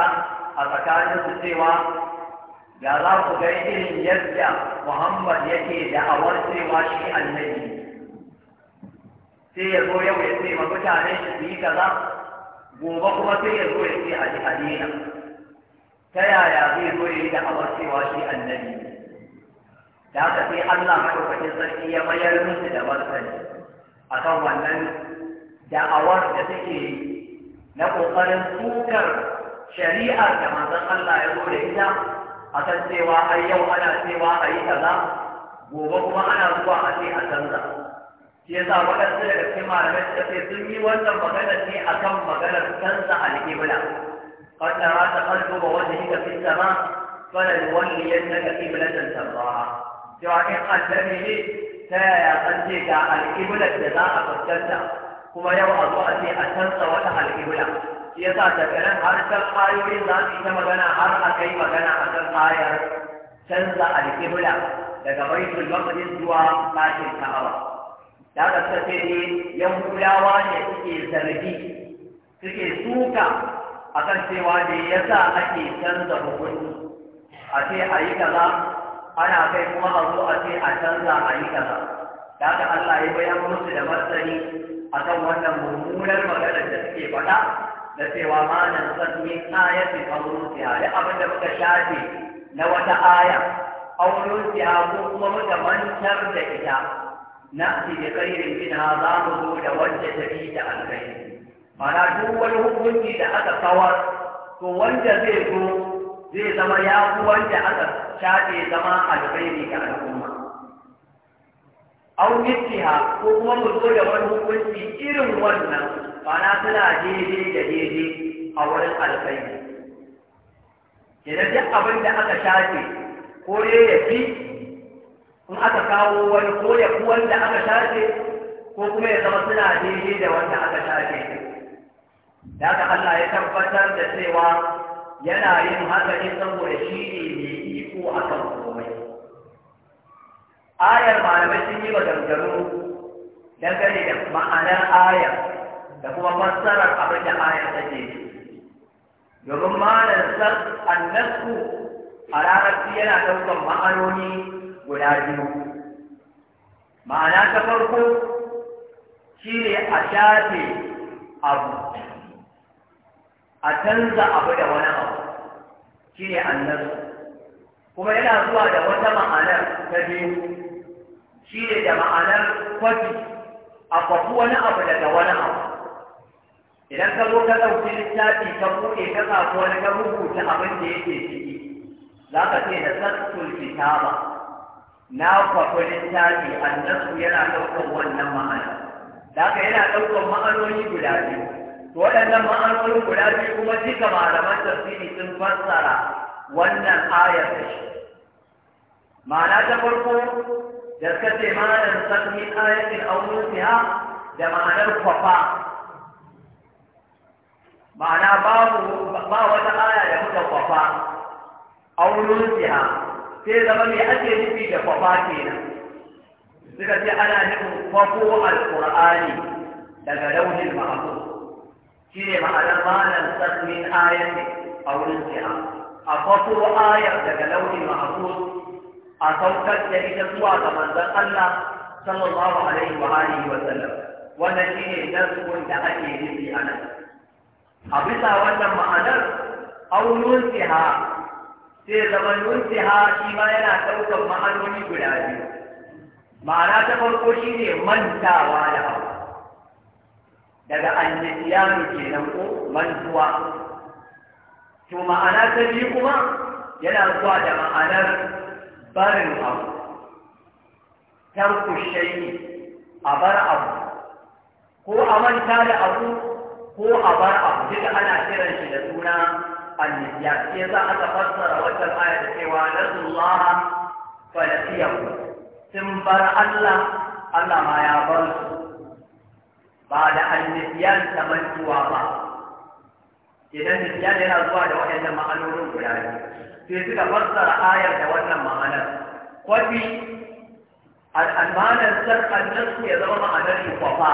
a tsakanin su cewa ga za ku ga irin yadda Muhammad yake da'awar cewa shi annabi sai ya zo yau ya ce ma mutane shi su yi kaza gobe kuma sai ya zo ya ce a ji adina ta yaya zai zo ya yi da da'awar cewa shi annabi da haka sai Allah madaukakin sarki ya mayar musu da martani kan wannan da'awar da suke na ƙoƙarin sukar shari'ar da manzon Allah ya zo da ita a san cewa har yau ana cewa a yi kaza gobe kuma ana zuwa a ce a canza shi yasa waɗansu daga cikin malamai suka ce sun yi wannan maganar ne akan maganar canza alƙibla قد ترى تقلب وجهك في السماء فلنولينك قبلة ترضاها cewa in annabi ne ta yaya an ce ga alƙiblar da za a fuskanta kuma yau a zo a ce a canza wata alƙibla yasa daga nan har ƙwayoyin za su yi magana har a kai magana a kan ayar canza alƙibla daga baitul maqdis zuwa ɗakin ka'aba da aka suka ce ne yahudawa ne suke zargi suke suka akan cewa ne yasa ake canza hukunci a ce a yi kaza ana kai kuma a zo a ce a canza a yi kaza da aka Allah ya bayan musu da martani akan wannan mummunar maganar da suke faɗa da cewa ma na zan min ayatin aurusiya da abin da muka shafe na wata aya aurusiya ko kuma muka mantar da ita na ci da kairin gina za mu zo da wanda ta fi da alkai mana duk wani hukunci da aka kawar to wanda zai zo zai zama ya fi wanda aka shafe zama alkai ga al'umma au ko kuma mu zo da wani hukunci irin wannan ma'ana suna daidai da daidai a wurin alkhairi idan duk abin da aka shafe ko ne ya fi in aka kawo wani ko ya fi wanda aka shafe ko kuma ya zama suna daidai da wanda aka shafe da haka Allah ya tabbatar da cewa yana yin haka saboda shi ne mai iko akan komai ayar malamai sun yi maganganu dangane da ma'anar ayar da kuma fassarar abin da ayar take yi domin ma'anar sar annasku a larabci yana ɗaukar ma'anoni guda biyu ma'ana ta farko shi ne a shafe abu a canza abu da wani abu shi ne annasku kuma yana zuwa da wata ma'anar ta biyu shi ne da ma'anar kwafi a kwafi wani abu daga wani abu idan ka zo ka ɗauki littafi ka buɗe ka ko wani ka rubuta abin da yake ciki za ka ce da sattul kitaba na kwafi littafi annasu yana ɗaukar wannan ma'ana da ka yana ɗaukar ma'anoni guda biyu to waɗannan ma'anoni guda biyu kuma duka malaman tafsiri sun fassara wannan ayar da shi ma'ana ta farko da suka ce ma'anar sattul ayatin aunusiha da ma'anar kwafa ma'ana babu ba wata aya da muka kwafa wurin siya sai zama me ake nufi da kwafa kenan suka ce ana nufin kwafo alkur'ani daga lauhin mahfuz ne ma'anar malan sakmin a wurin siha a kwafo ayar daga lauhin mahfuz a saukar da ita zuwa ga manzan Allah sallallahu alaihi wa alihi wa sallam wannan shine nasu da ake nufi a nan a bisa wannan ma'anar aunin siha sai zama nun siha shi ma yana ɗaukar ma'anoni guda biyu ma'ana ta farko shi ne mantawa da abu daga annabiyanu kenan ko mantuwa to ma'ana ta biyu kuma yana zuwa da ma'anar barin abu tarku shayi a bar abu ko a manta da abu ko a bar abu duka ana kiran shi da suna annisyan sai za a aka fassara wata aya da cewa nasullah fa nasiyahu sun bar Allah Allah ma ya bar su ba da annisyan ta mantuwa ba idan nisyan yana zuwa da waɗannan ma'anonin guda biyu sai suka fassara ayar da wannan ma'anar kwafi al'amanar sarƙar nasu ya zama ma'anar kwafa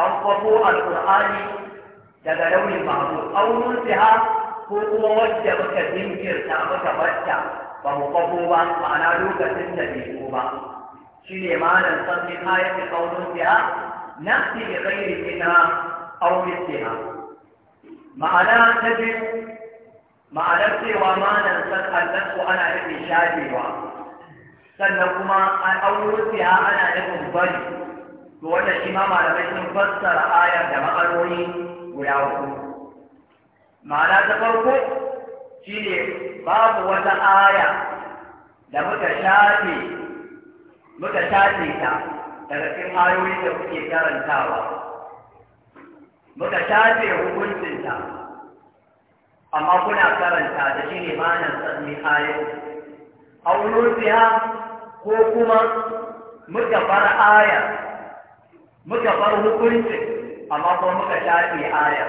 an kwafo alƙur'ani daga launin masu aunin siha ko kuma wadda muka jinkirta muka bacca ba mu kwafo ba ma'ana lokacin da bai zo ba shi ne malam sassin ayatun aunin siha nafsi da tsairi ina aunin siha ma'ana ta biyu ma'anar cewa malam sassan ko ana nufin shafewa sannan kuma an aunin siha ana nufin bari to wannan shi ma malamai sun fassara ayar da ma'anoni guda uku. ma'ana ta farko shi ne babu wata aya da muka shafe muka shafe ta daga cikin ayoyin da kuke karantawa muka shafe hukuncinta amma kuna karanta da shi ne ma'anar A ayoyi aunusiya ko kuma muka bar aya muka bar hukuncin amma ko muka shafe aya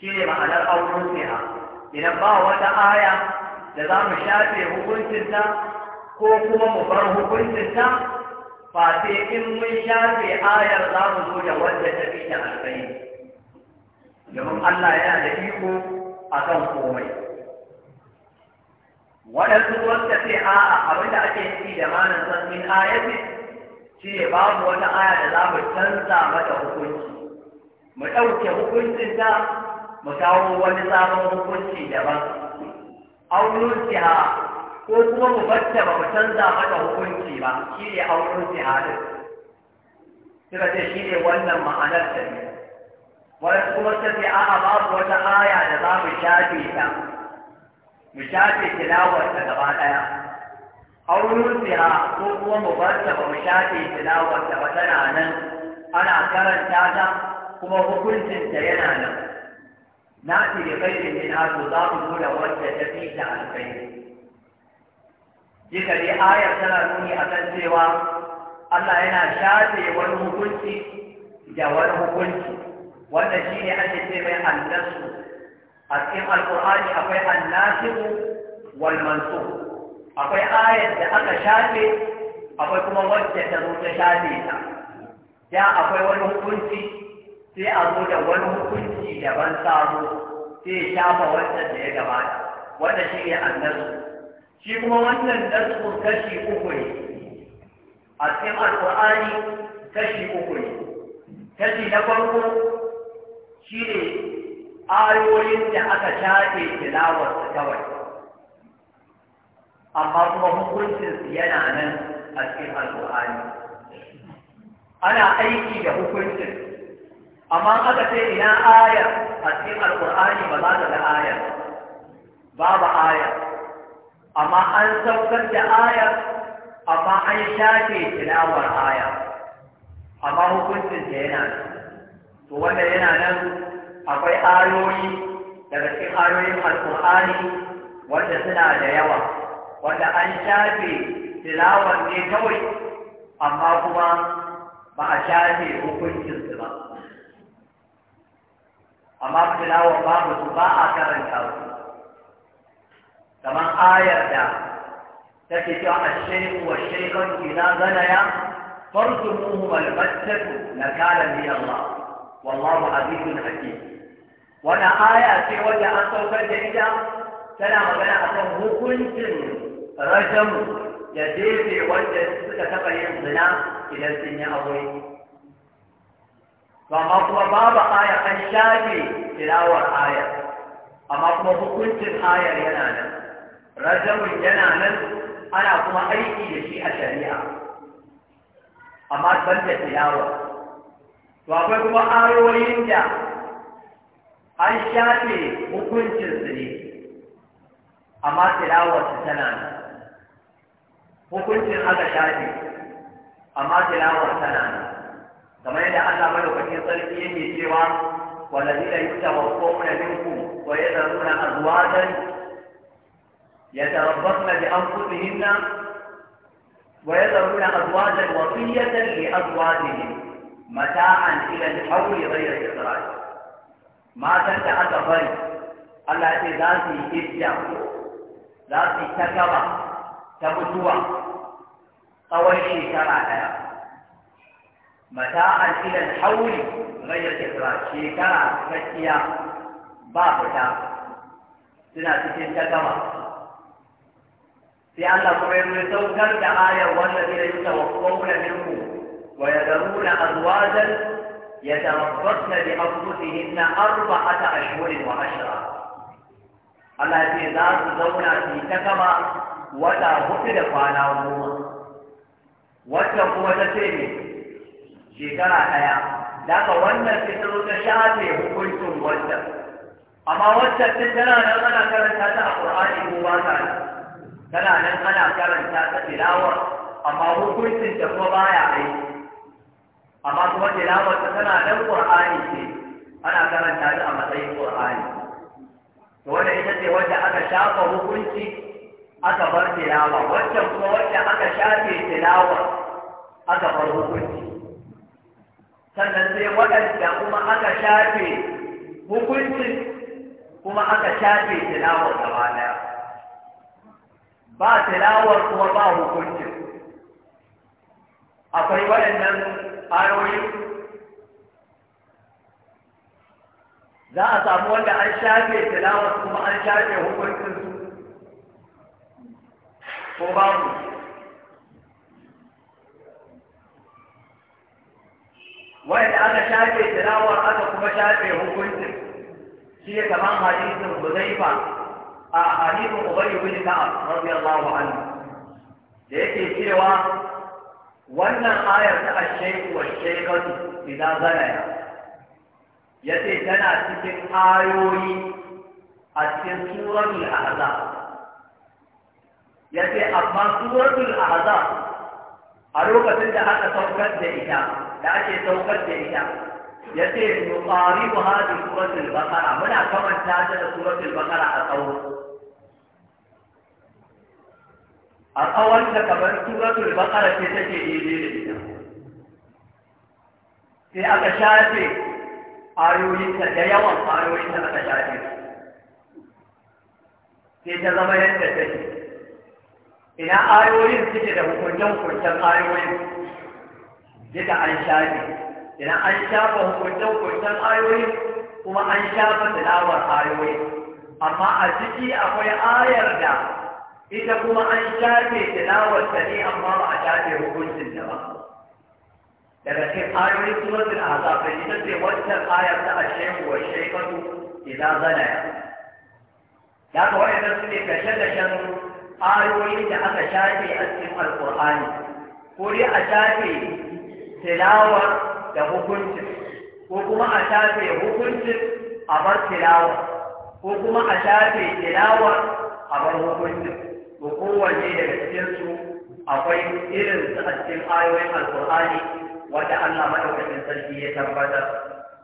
shine ma'anar auren siha idan ba wata aya da za mu shafe hukuncinta ko kuma mu bar hukuncinta ba sai in mun shafe ayar za mu zo da wadda ta fi da alkai domin Allah yana da iko a kan komai waɗansu wanda ce a'a abinda ake nufi da manan san min ce, shi babu wata aya da za mu canza mata hukunci mu ɗauke hukuncin ta mu kawo wani sabon hukunci daban aunin siha ko kuma mu batta ba mu canza mata hukunci ba shi ne aunin siha din suka ce shi ne wannan ma'anar ta ne wani kuma ta ce a'a babu wata aya da za mu shafe ta mu shafe ta gaba ɗaya aunin siha ko kuma mu batta ba mu shafe tilawarta ba tana nan ana karanta ta kuma hukuncin ta yana nan na fi da bayyana min za mu zo da wanda ta fi ta alkai jika dai ayar tana nuni akan cewa Allah yana shafe wani hukunci da wani hukunci wanda shi ne ake ce mai annasu a cikin alkur'ani akwai annasibu wal akwai ayar da aka shafe akwai kuma wacce ta zo ta shafe ta ya akwai wani hukunci sai a zo da wani hukunci daban sabo sai shafa wancan da ya gabata wanda shi ne annasu shi kuma wannan nasu kashi uku ne a cikin alƙur'ani kashi uku ne kashi na farko shi ne ayoyin da aka shafe su kawai amma kuma hukuncin su yana nan a cikin alƙur'ani ana aiki da hukuncin amma aka ce ina aya a cikin alkur'ani ba za ta ga aya babu aya amma an saukar da aya amma an shafe tilawar aya amma hukuncin da yana to wanda yana nan akwai ayoyi daga cikin ayoyin alkur'ani wanda suna da yawa wanda an shafe tilawar ne kawai amma kuma ba a shafe hukuncin amma filawa babu su ba a karanta kamar ayar da take cewa a shaiku wa shaikon ila zanaya farjumuhu wal battatu la kana min Allah wallahu azizun hakim wannan aya ce wanda an saukar da ita tana magana akan hukuncin rajamu da dai-dai wanda suka taɓa yin zina idan sun yi aure amma kuma babu aya an shafe tilawar aya amma kuma hukuncin ayar yana nan rajawin yana nan ana kuma aiki da shi a shari'a amma ban da tilawa to akwai kuma ayoyin da an shafe hukuncin su ne amma tilawar su tana nan hukuncin aka shafe amma tilawar tana nan kamar yadda Allah madaukakin sarki yake cewa والذين يتوفون منكم ويذرون أزواجا يتربصن بأنفسهن ويذرون أزواجا وصية لأزواجهم متاعا إلى الحول غير إخراج ما تنتهى تفري التي ذاتي إبداع ذاتي تكبر تبتوى قوي شرعها mata a ila hauli gaya tsira shekara kaciya ba fita suna cikin ta gama sai Allah kuma ya saukar da ayar wanda zai yi tawakkawuna minku wa ya zaruna azwajan ya tawakkawuna bi anfusihim na arba'ata ashhurin wa ashra Allah ya za su zauna su ta gama wata hutu da kwana Wancan wata kuma ta ce shekara ɗaya da aka wannan fitar ta shafe hukuncin wannan. amma wancan tun tana nan ana karanta ta a ƙur'ani ko ba ta tana nan ana karanta ta tilawar amma hukuncin ta kuma baya aiki amma kuma tilawar ta tana nan ƙur'ani ce ana karanta ta a matsayin ƙur'ani to wanda ita ce wanda aka shafa hukunci aka bar tilawa wancan kuma wanda aka shafe tilawa aka bar hukunci sannan sai waɗanda kuma aka shafe hukuncin kuma aka shafe tilawar gaba ɗaya ba tilawar kuma ba hukuncin akwai waɗannan ayoyi za a samu wanda an shafe tilawar kuma an shafe hukuncin su ko babu wanda aka shafe tilawar aka kuma shafe hukuncin shi ne kamar hadisin Huzaifa a hadisin Ubay ibn Ka'ab radiyallahu anhu da yake cewa wannan ayar ta ash-shaykhu wash-shaykhatu idan ya yace tana cikin ayoyi a cikin suratul ahzab yace amma suratul ahzab a lokacin da aka saukar da ita da ake saukar da ita ya ce nuqaribu hadi suratul baqara muna kamanta ta da suratul baqara a tsawo a tsawon da kamar suratul baqara ce take daidai da ita sai aka shafe ayoyinta da yawan ayoyinta aka shafe sai ta zama yadda take ina ayoyin suke da hukuncen hukuncen ayoyin Yadda an shafe idan an shafa hukuncen-hukuncen ayoyi kuma an shafa tilawar ayoyi amma a ciki akwai ayar da ita kuma an shafe tilawar ta ne amma ba a shafe hukuncin da ba daga cikin ayoyin suratul azab ita ce wancan ayar ta a ashehu wa shaykatu idan zanaya da ka wa'annan su ne kashe-kashen ayoyin da aka shafe a cikin alƙur'ani ko dai a shafe tilawa da hukuncin ko kuma a shafe hukuncin a bar tilawa ko kuma a shafe tilawa a bar hukuncin ko kowanne daga cikinsu akwai irin su a cikin ayoyin alkur'ani wanda Allah madaukakin sarki ya tabbatar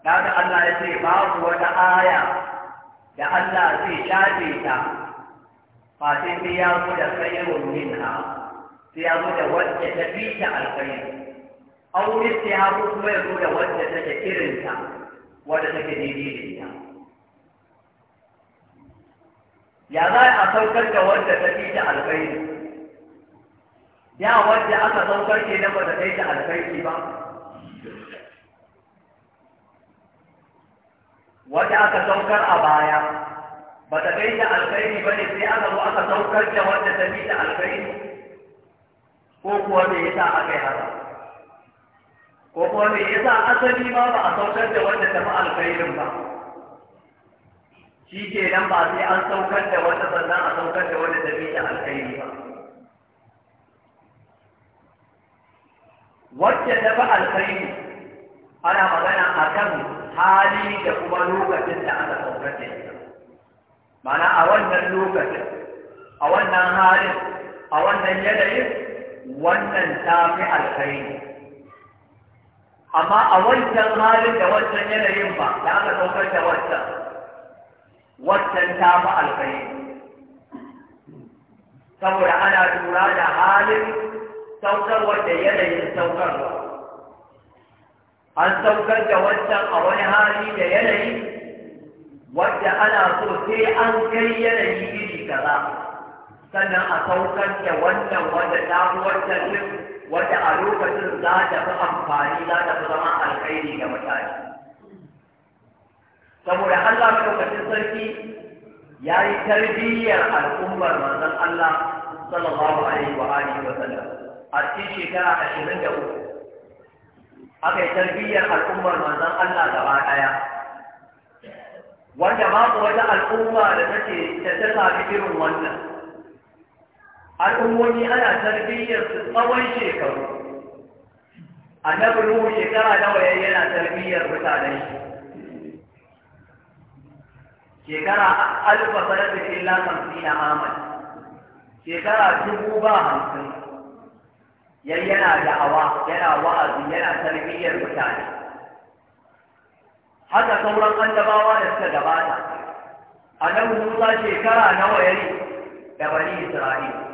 kaga Allah ya ce babu wata aya da Allah zai shafe ta fatin sai ya zo da khairun minha sai ya zo da wacce ta fi ta alkhairi aure ce ya ko kuma ya zo da wanda take irinta wanda take daidai da ita ya za a saukar da wanda ta fi ta alkhairi ya wanda aka saukar ke nan ba ta kai ta alkhairi ba wanda aka saukar a baya ba ta kai ta alkhairi ba ne sai aka zo aka saukar da wanda ta fi ta alkhairi ko kuwa me yasa aka yi haka ko kuma me yasa asali ma ba a saukar da wanda ta fi alkhairin ba shi ke nan ba sai an saukar da wanda sannan a saukar da wanda fi da alkhairi ba wacce ta fi alkhairi ana magana a kan hali da kuma lokacin da aka saukar da ita ma'ana a wannan lokacin a wannan halin a wannan yanayin wannan ta fi alkhairi amma a wancan halin da wancan yanayin ba da aka saukar da wancan wancan ta fi alkai saboda ana lura da halin saukarwar da yanayin saukarwa an saukar da wancan a wani hali da yanayi wadda ana so sai an kai yanayi iri kaza sannan a saukar da wannan wanda ta fi wancan wanda a lokacin za ta fi amfani za ta fi zama alkhairi ga mutane saboda Allah lokacin sarki ya yi tarbiyyar al'ummar manzon Allah sallallahu alaihi wa alihi wa sallam a cikin shekara ashirin da uku aka yi tarbiyyar al'ummar manzon Allah gaba ɗaya wanda babu wata al'umma da take da ta sami irin wannan al'ummomi ana tarbiyyar su tsawon shekaru annabi ruhu shekara nawa ya yana tarbiyyar mutanen shi shekara alfa sanatin illa hamsin amal shekara dubu ba hamsin yan yana awa yana wa'azi yana tarbiyyar mutane haka sauran annabawa da suka gabata nan Musa shekara nawa yayi da bani Isra'ila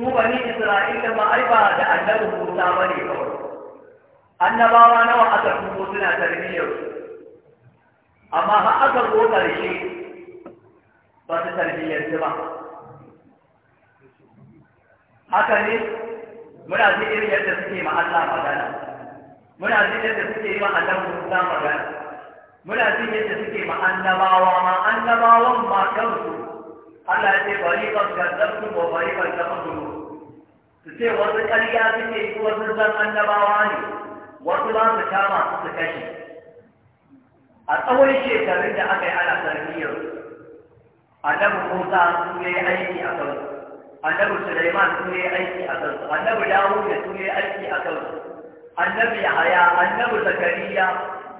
su bani isra'ila ma'aiba da annabi musa ba ne kawai annabawa nawa aka tuko suna tarbiyyar amma har aka zo ƙarshe ba su tarbiyyar ba haka ne muna ji irin yadda suke ma Allah magana muna ji yadda suke yi ma Allah Musa magana muna ji yadda suke ma annabawa ma annabawan ma kansu Allah ya ce fariƙan kazzabtu wa fariƙan kafatu su ce wasu ƙarya suke yi wasu zan annabawa ne wasu za su kama su kashe a tsawon shekarun da aka yi ana tarbiyyar annabi Musa su yi aiki a kansu annabi Suleiman su yi aiki a kansu annabi Dawud su yi aiki a kansu annabi Yahaya annabi Zakariya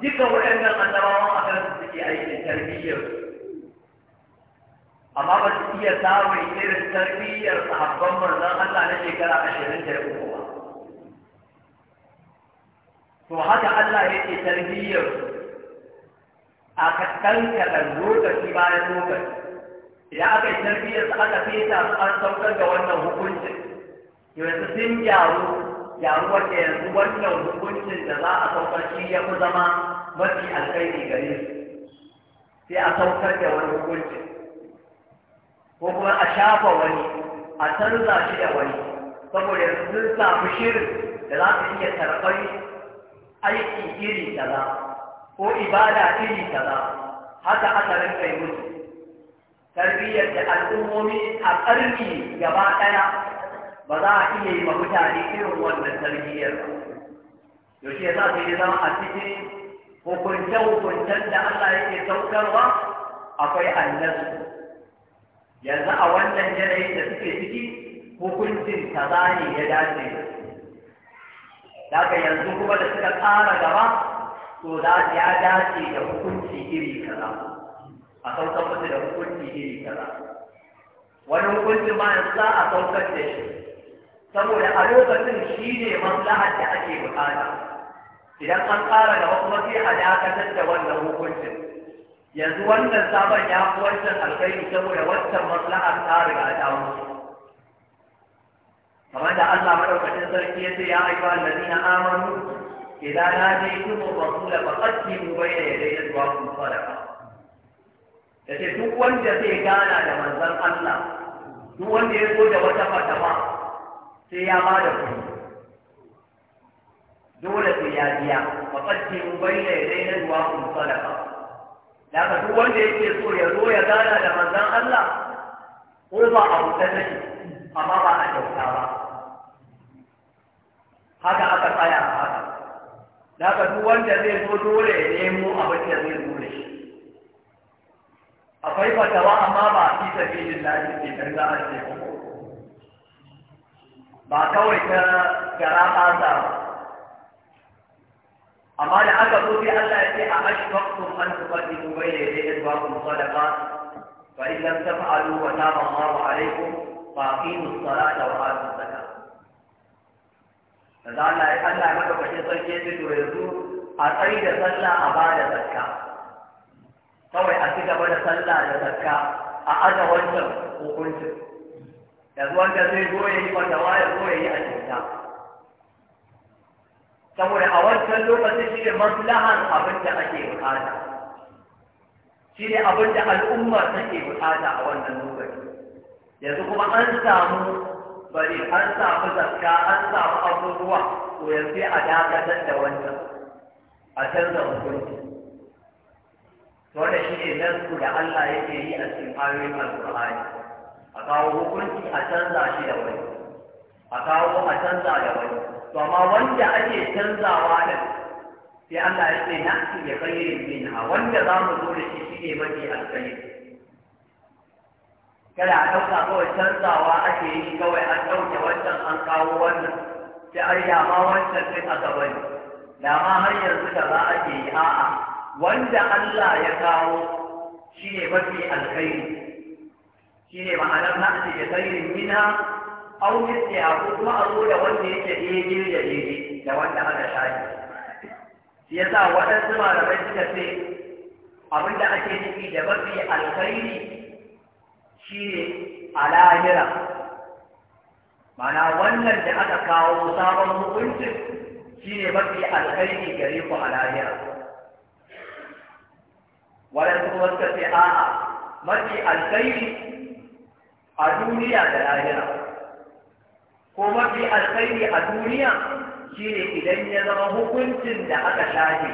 duka waɗannan annabawan a kansu suke aikin tarbiyyar amma ba su iya samun irin tarbiyyar sahabban manzon Allah na shekara ashirin da uku ba to haka Allah ke tarbiyyar a kaɗan kaɗan lokaci bayan lokaci idan aka yi tarbiyyar su aka fesa su an saukar da wannan hukuncin yanzu sun gyaru gyaru da yanzu wannan hukuncin da za a saukar shi ya fi zama mafi alkhairi gare su sai a saukar da wani hukuncin ko kuma a shafa wani a canza shi da wani saboda sun samu shirin da za su iya karɓar aiki iri kaza ko ibada iri kaza haka aka rinka yi musu tarbiyyar da al'ummomi a ƙarni gaba ɗaya ba za a iya yi ma mutane irin wannan tarbiyyar ba yaushe ya sa su yi zama a cikin hukunce-hukuncen da Allah yake saukarwa akwai annabi yanzu a wannan yanayin da suke ciki hukuncin kaza ne ya dace daga yanzu kuma da suka ƙara gaba to za ya dace da hukunci iri kaza a saukar musu da hukunci iri kaza wani hukunci ma yanzu za a saukar da shi saboda a lokacin shi ne maslahar da ake bukata idan an ƙara gaba kuma sai a dakatar da wannan hukuncin yanzu wannan sabon ya fi wancan alkhairi saboda wancan maslahar ta riga ta wuce kamar da Allah madaukakin sarki yace ya aika allazina amanu idan najaytum rasula faqaddimu bayna yaday adwakum sadaqa yace duk wanda zai gana da manzon Allah duk wanda ya zo da wata fatawa sai ya ba da kuɗi dole sai ya biya faqaddimu bayna yaday adwakum sadaqa da ka duk wanda yake so ya zo ya gana da manzan Allah ko ba a wuta take amma ba a kyauta ba haka aka tsaya a haka da ka duk wanda zai zo dole ya nemo abin da zai zo da shi akwai fatawa amma ba a fi da lafi ke karga a ce ba kawai ta gara ba amma da aka zo sai Allah ya ce a ashfaqtum an tuqaddimu bayna yaday azwajikum sadaqa fa in lam taf'alu wa taba Allahu alaykum fa aqimus salata wa atuz zakata da Allah ya Allah ya maka bashi sarki ya to yanzu a tsari da sallah a ba da zakka kawai a ci gaba da sallah da zakka a aza wancan hukuncin yanzu wanda zai zo ya yi fatawa ya zo ya yi a kyauta saboda a wancan lokacin shi ne maslahar abin da ake bukata shi ne abin da al'umma take bukata a wannan lokaci yanzu kuma an samu bari an samu zakka an samu abubuwa to yanzu a dakatar da wannan, a canza hukunci wanda shi ne nasu da Allah yake yi a cikin ayoyin alƙur'ani a kawo hukunci a canza shi da wani a kawo a canza da wani to amma wanda ake canzawa da sai Allah ya ce na ci da khairin a wanda za mu zo da shi shi ne mafi alkhairi kada a ɗauka kawai canzawa ake yi kawai an ɗauke wancan an kawo wannan sai ai da ma wancan sai a gaba ne da ma har yanzu da za a ke yi a'a wanda Allah ya kawo shi ne mafi shi ne ma'anar na ci da khairin minha au ne a ko kuma a zo da wanda yake daidai da daidai da wanda aka shafi shi yasa waɗansu malamai suka ce abin da ake ciki da mafi alkhairi ne a lahira mana wannan da aka kawo sabon hukuncin ne mafi alkhairi gare ku a lahira waɗansu kuma suka ce a'a mafi alkhairi a duniya da lahira ko mafi alkhairi a duniya shine idan ya zama hukuncin da aka shafe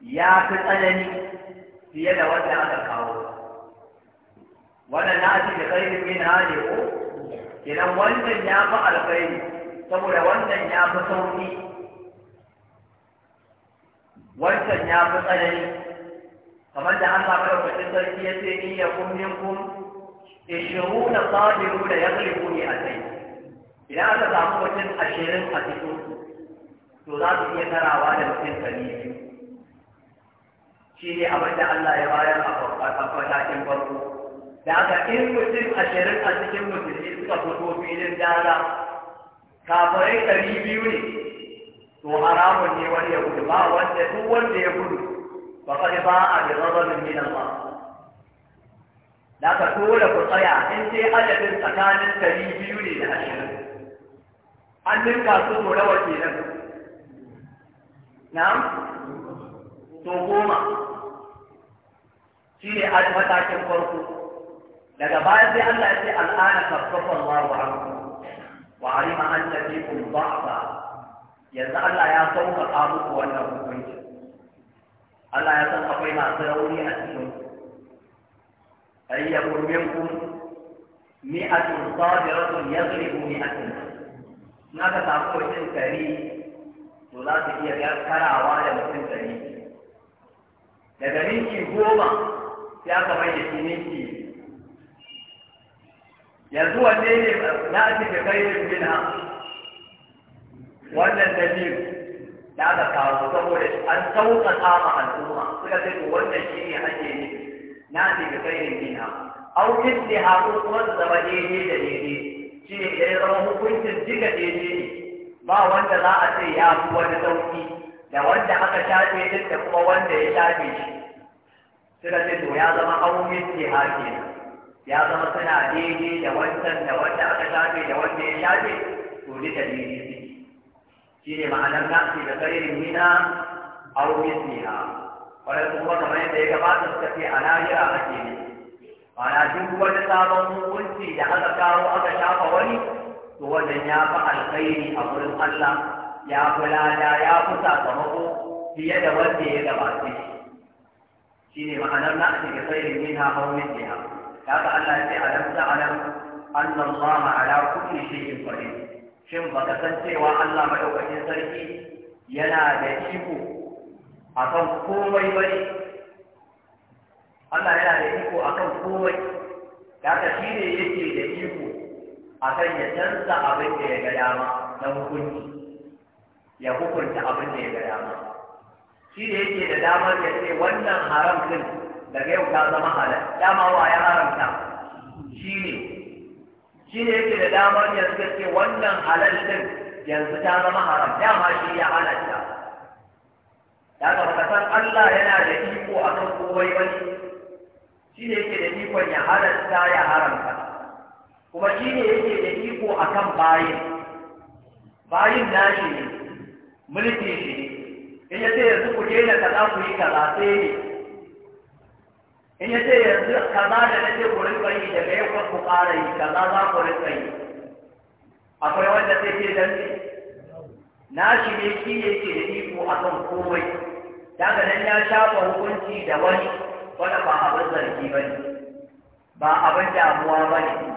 ya fi tsanani fiye da wanda aka kawo wannan na ake da kai min hali ko idan wannan ya fi alkhairi saboda wannan ya fi sauki wancan ya fi tsanani kamar da Allah madaukakin sarki ya ce in yakun minkum da ishiruna ne a kai idan aka samu mutum ashirin a cikin to za su iya tarawa da mutum ɗari biyu shi ne abin da Allah ya bayar a matakin farko da aka in mutum ashirin a cikin mutum ne suka fito filin daga kafirai ɗari biyu ne to haramun ne wani ya gudu ba wanda duk wanda ya gudu ba fa ba a da zazzabin min ba. لا تقول قطيع انت اجد سكان التليفيون الاشهر عندك كاسوم روتي لك نعم تقوم في اجمد عشر فرصه. لك بعد ان ياتي الان كفف الله عنكم وعلم ان فيكم ضعفا يزعل الله يا صوت قابوك وانا بكم الله يا صوت قابوك وانا بكم أن يكون منكم مئة صابرة يغلب مئة نفس تعطوه سن كري ولاتي هي غير كرا وعلى مسن كري لذا نمشي هوما في هذا ما يجي منكي يزوى تيني نأتي في منها وأن الدليل لا تكاد تقول أن سوق الأعمى عن الأمة، ولا تقول أن الشيء nasi da kai mina au misliha ko kuma su zama daidai da daidai shi ne da ya zama hukuncin duka daidai ne ba wanda za a ce ya fi wani sauki da wanda aka shafe duk da kuma wanda ya shafe shi suka ce to ya zama au misliha kenan ya zama suna daidai da wancan da wanda aka shafe da wanda ya shafe to da daidai suke shi ne ma'anar na ce da kai mina au misliha wani kuma kamar yadda ya gabata suka ce a lahira ake ne ma'ana duk wani sabon hukunci da aka kawo aka shafa wani to wannan ya fi alkhairi a wurin Allah ya fi lada ya fi sakamako fiye da wanda ya gabace shi shine ma'anar na ake khairin minha aw mithliha kaga Allah ya ce alam ta alam anna Allah ala kulli shay'in qadir shin baka san cewa Allah madaukakin sarki yana da iko akan komai bane Allah yana da iko akan komai haka shi ne yake da iko akan ya canza abin da ya ga dama na hukunci ya hukunta abin da ya ga dama shi ne yake da damar ya ce wannan haram din daga yau ta zama halal dama wa ya haramta shi ne shi ne yake da damar ya ce wannan halal din yanzu ta zama haram dama shi ya halalta da haka baka san Allah yana da iko a kan kowai ba ne shi ne yake da ikon ya halatta ya haramta kuma shi ne yake da iko a kan bayin bayin na shi ne mulki shi ne in ya ce yanzu ku daina kaza ku yi kaza sai ne in ya ce yanzu kaza da na ce ku rinka yi daga yau ku ƙara yi kaza za ku rinka yi akwai wanda sai ke dan na shi ne shi yake da iko a kan komai daga nan ya shafa hukunci da wani wani ba abin zargi ba ne ba abin damuwa ba ne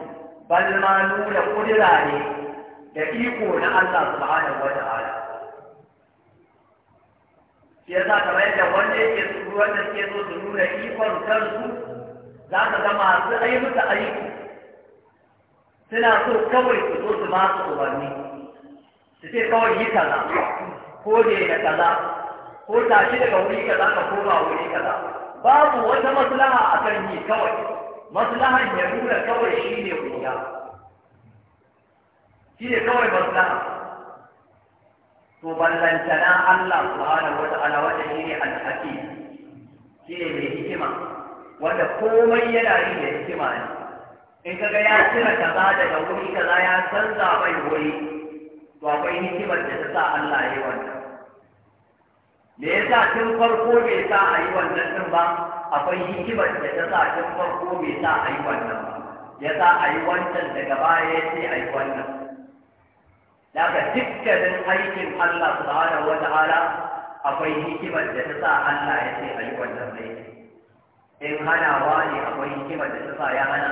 bal ma nuna kudura ne da iko na Allah subhanahu wa ta'ala shi ya za kamar yadda wanda yake su wanda suke so su nuna ikon kansu za ka ga masu ai musu aiki suna so kawai su zo su ba su umarni su ce kawai yi kaza ko ne da kaza ko tashi daga wuri kaza ka koma wuri kaza babu wata maslaha a kan yi kawai maslahan ya nuna kawai shi ne wuya shi ne kawai maslaha to ballantana Allah subhanahu wa ta'ala wata shi ne alhaki shi ne mai hikima wanda komai yana yi da hikima ne in kaga ya cire kaza daga wuri kaza ya canza mai wuri to akwai hikimar da ta sa Allah ya yi wannan me yasa tun farko me sa a yi wannan din ba akwai hikimar da ta sa tun farko me sa a yi wannan ba ya sa a yi wancan daga baya ya ce a yi wannan daga dukkanin aikin Allah subhanahu wata ta'ala akwai hikimar da ta sa Allah ya ce a yi wannan aiki in hanawa ne akwai hikimar da ta sa ya hana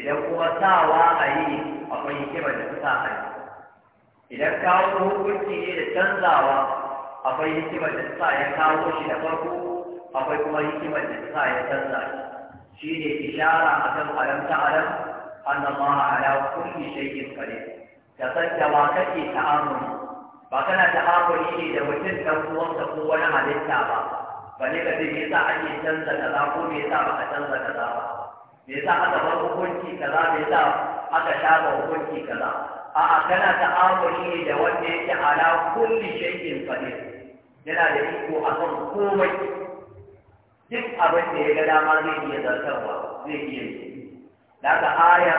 idan kuma sawa a yi akwai hikimar da ta sa a yi idan kawo hukunci ne da canzawa akwai hikimar da sa ya kawo shi da farko akwai kuma hikimar da sa ya canza shi ne ishara a kan alam ta alam an da ma ala kulli shay'in qadir ka san da ba kake ta'amuli ba kana ta'amuli ne da mutum dan uwanka ko wani halitta ba ba ne ka ce me yasa ake canza kaza ko me yasa ba a canza kaza ba me yasa aka bar hukunci kaza me yasa aka shafa hukunci kaza a'a kana ta'amuli ne da wanda yake ala kulli shay'in qadir yana da iko kan komai duk abin da ya ga dama zai iya zartarwa zai iya yi ka aya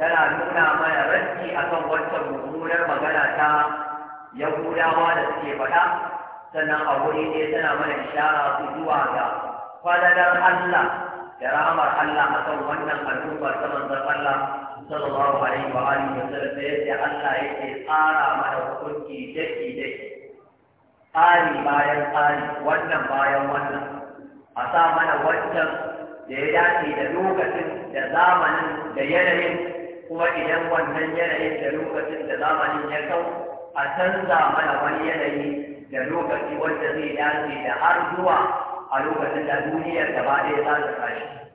tana nuna mana a akan wancan mummunar magana ta yahudawa da suke faɗa sannan a wuri ne tana mana ishara su zuwa ga fadalar Allah da ramar Allah akan wannan al'ummar ta manzon Allah sallallahu alaihi wa alihi wa sallam da yadda Allah yake tsara mana hukunci daki tsari bayan tsari wannan bayan wannan a sa mana wancan da ya dace da lokacin da zamanin da yanayin kuma idan wannan yanayin da lokacin da zamanin ya kau a canza mana wani yanayi da lokaci wanda zai dace da har zuwa a lokacin da duniyar gaba ɗaya za ta tashi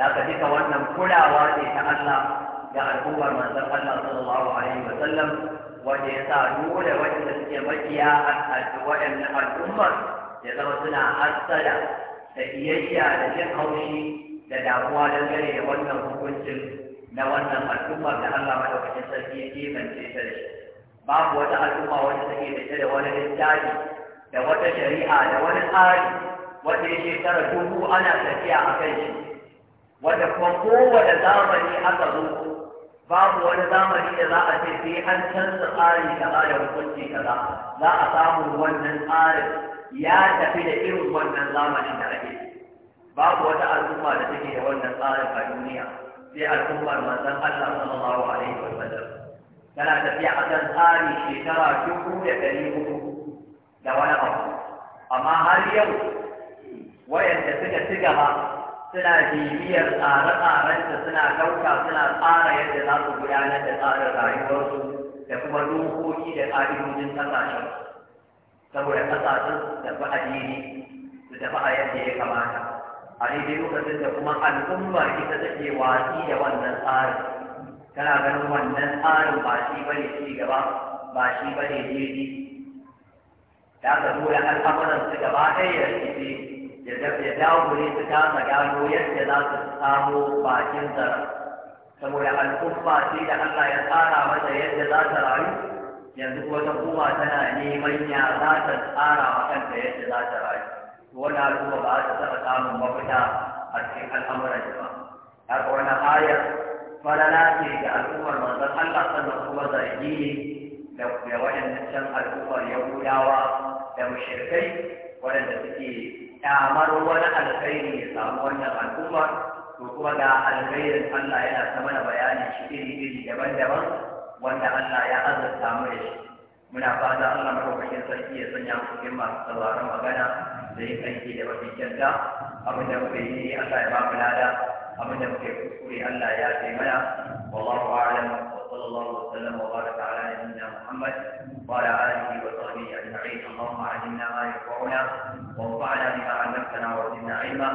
da aka duka wannan kulawa ce ta Allah ga al'ummar manzon Allah sallallahu alaihi wa sallam wanda ya sa dole wanda suke makiya waɗannan al'ummar ya zama suna hassada da iyayya da jin haushi da damuwa don dangane da wannan hukuncin na wannan al'ummar da Allah madaukakin sarki ya kimanta ta da shi babu wata al'umma wanda take da da wani littafi da wata shari'a da wani tsari wanda ya shekara dubu ana tafiya a kan shi wanda kuma kowane zamani aka zo babu wani zamani da za a ce sai an canza tsarin kaza da hukunci kaza za a samu wannan tsarin ya tafi da irin wannan zamanin da ake babu wata al'umma da take da wannan tsarin a duniya sai al'ummar manzon Allah sallallahu alaihi wa sallam tana tafiya a kan tsari shekara dubu da ɗari hudu da wani abu amma har yau wayanda suka ci gaba suna bibiyar tsare-tsarensa suna ɗauka suna tsara yadda za su gudanar da tsarin rayuwarsu da kuma dokoki da ƙa'idojin ƙasashen saboda ƙasashen su tafi addini su tafi a yadda ya kamata a daidai lokacin da kuma al'ummar ita take watsi da wannan tsarin tana ganin wannan tsarin ba shi ne ci gaba ba shi ne daidai Ya aka dole al'amuran su gaba ɗaya da rikice ya dawo gure su kasa gano yadda za su samu bakin zara saboda al'umma ce da Allah ya tsara mata yadda za ta rayu yanzu wata kuma tana neman ya za ta tsara wa kanta yadda za ta rayu wani al'umma ba ta taɓa samun mafita a cikin al'amuran ba haka wani ayar falala ce da al'ummar manzon Allah sannan kuma zargi ne da waɗannan can al'ummar Yahudawa da mushrikai waɗanda suke kyamar wani alkhairi ya samu wannan al'umma to kuma ga alkhairin Allah yana ta mana bayani shi iri iri daban-daban wanda Allah ya azurta mu da shi muna fata Allah madaukakin sarki ya sanya mu cikin masu sauraron magana da yin aiki da mafi kyanta abin da muke yi Allah ya ba mu lada abin da muke kuskure Allah ya kai wallahu a'lam wa sallallahu alaihi wa sallam wa baraka ala nabiyyina Muhammad وعلى آله وصحبه أجمعين اللهم علمنا ما ينفعنا وانفعنا بما علمتنا وزدنا علما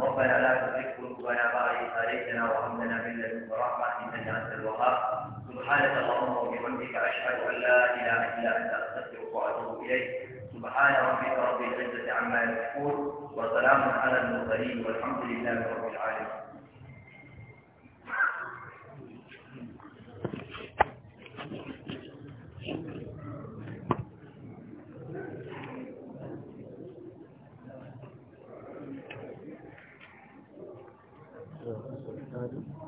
ربنا لا تزغ قلوبنا بعد إذ هديتنا وهب لنا من لدنك رحمة إنك أنت الوهاب سبحانك اللهم وبحمدك أشهد أن لا إله إلا أنت أستغفرك وأتوب إليك سبحان ربك رب العزة عما يصفون وسلام على المرسلين والحمد لله رب العالمين Hadi.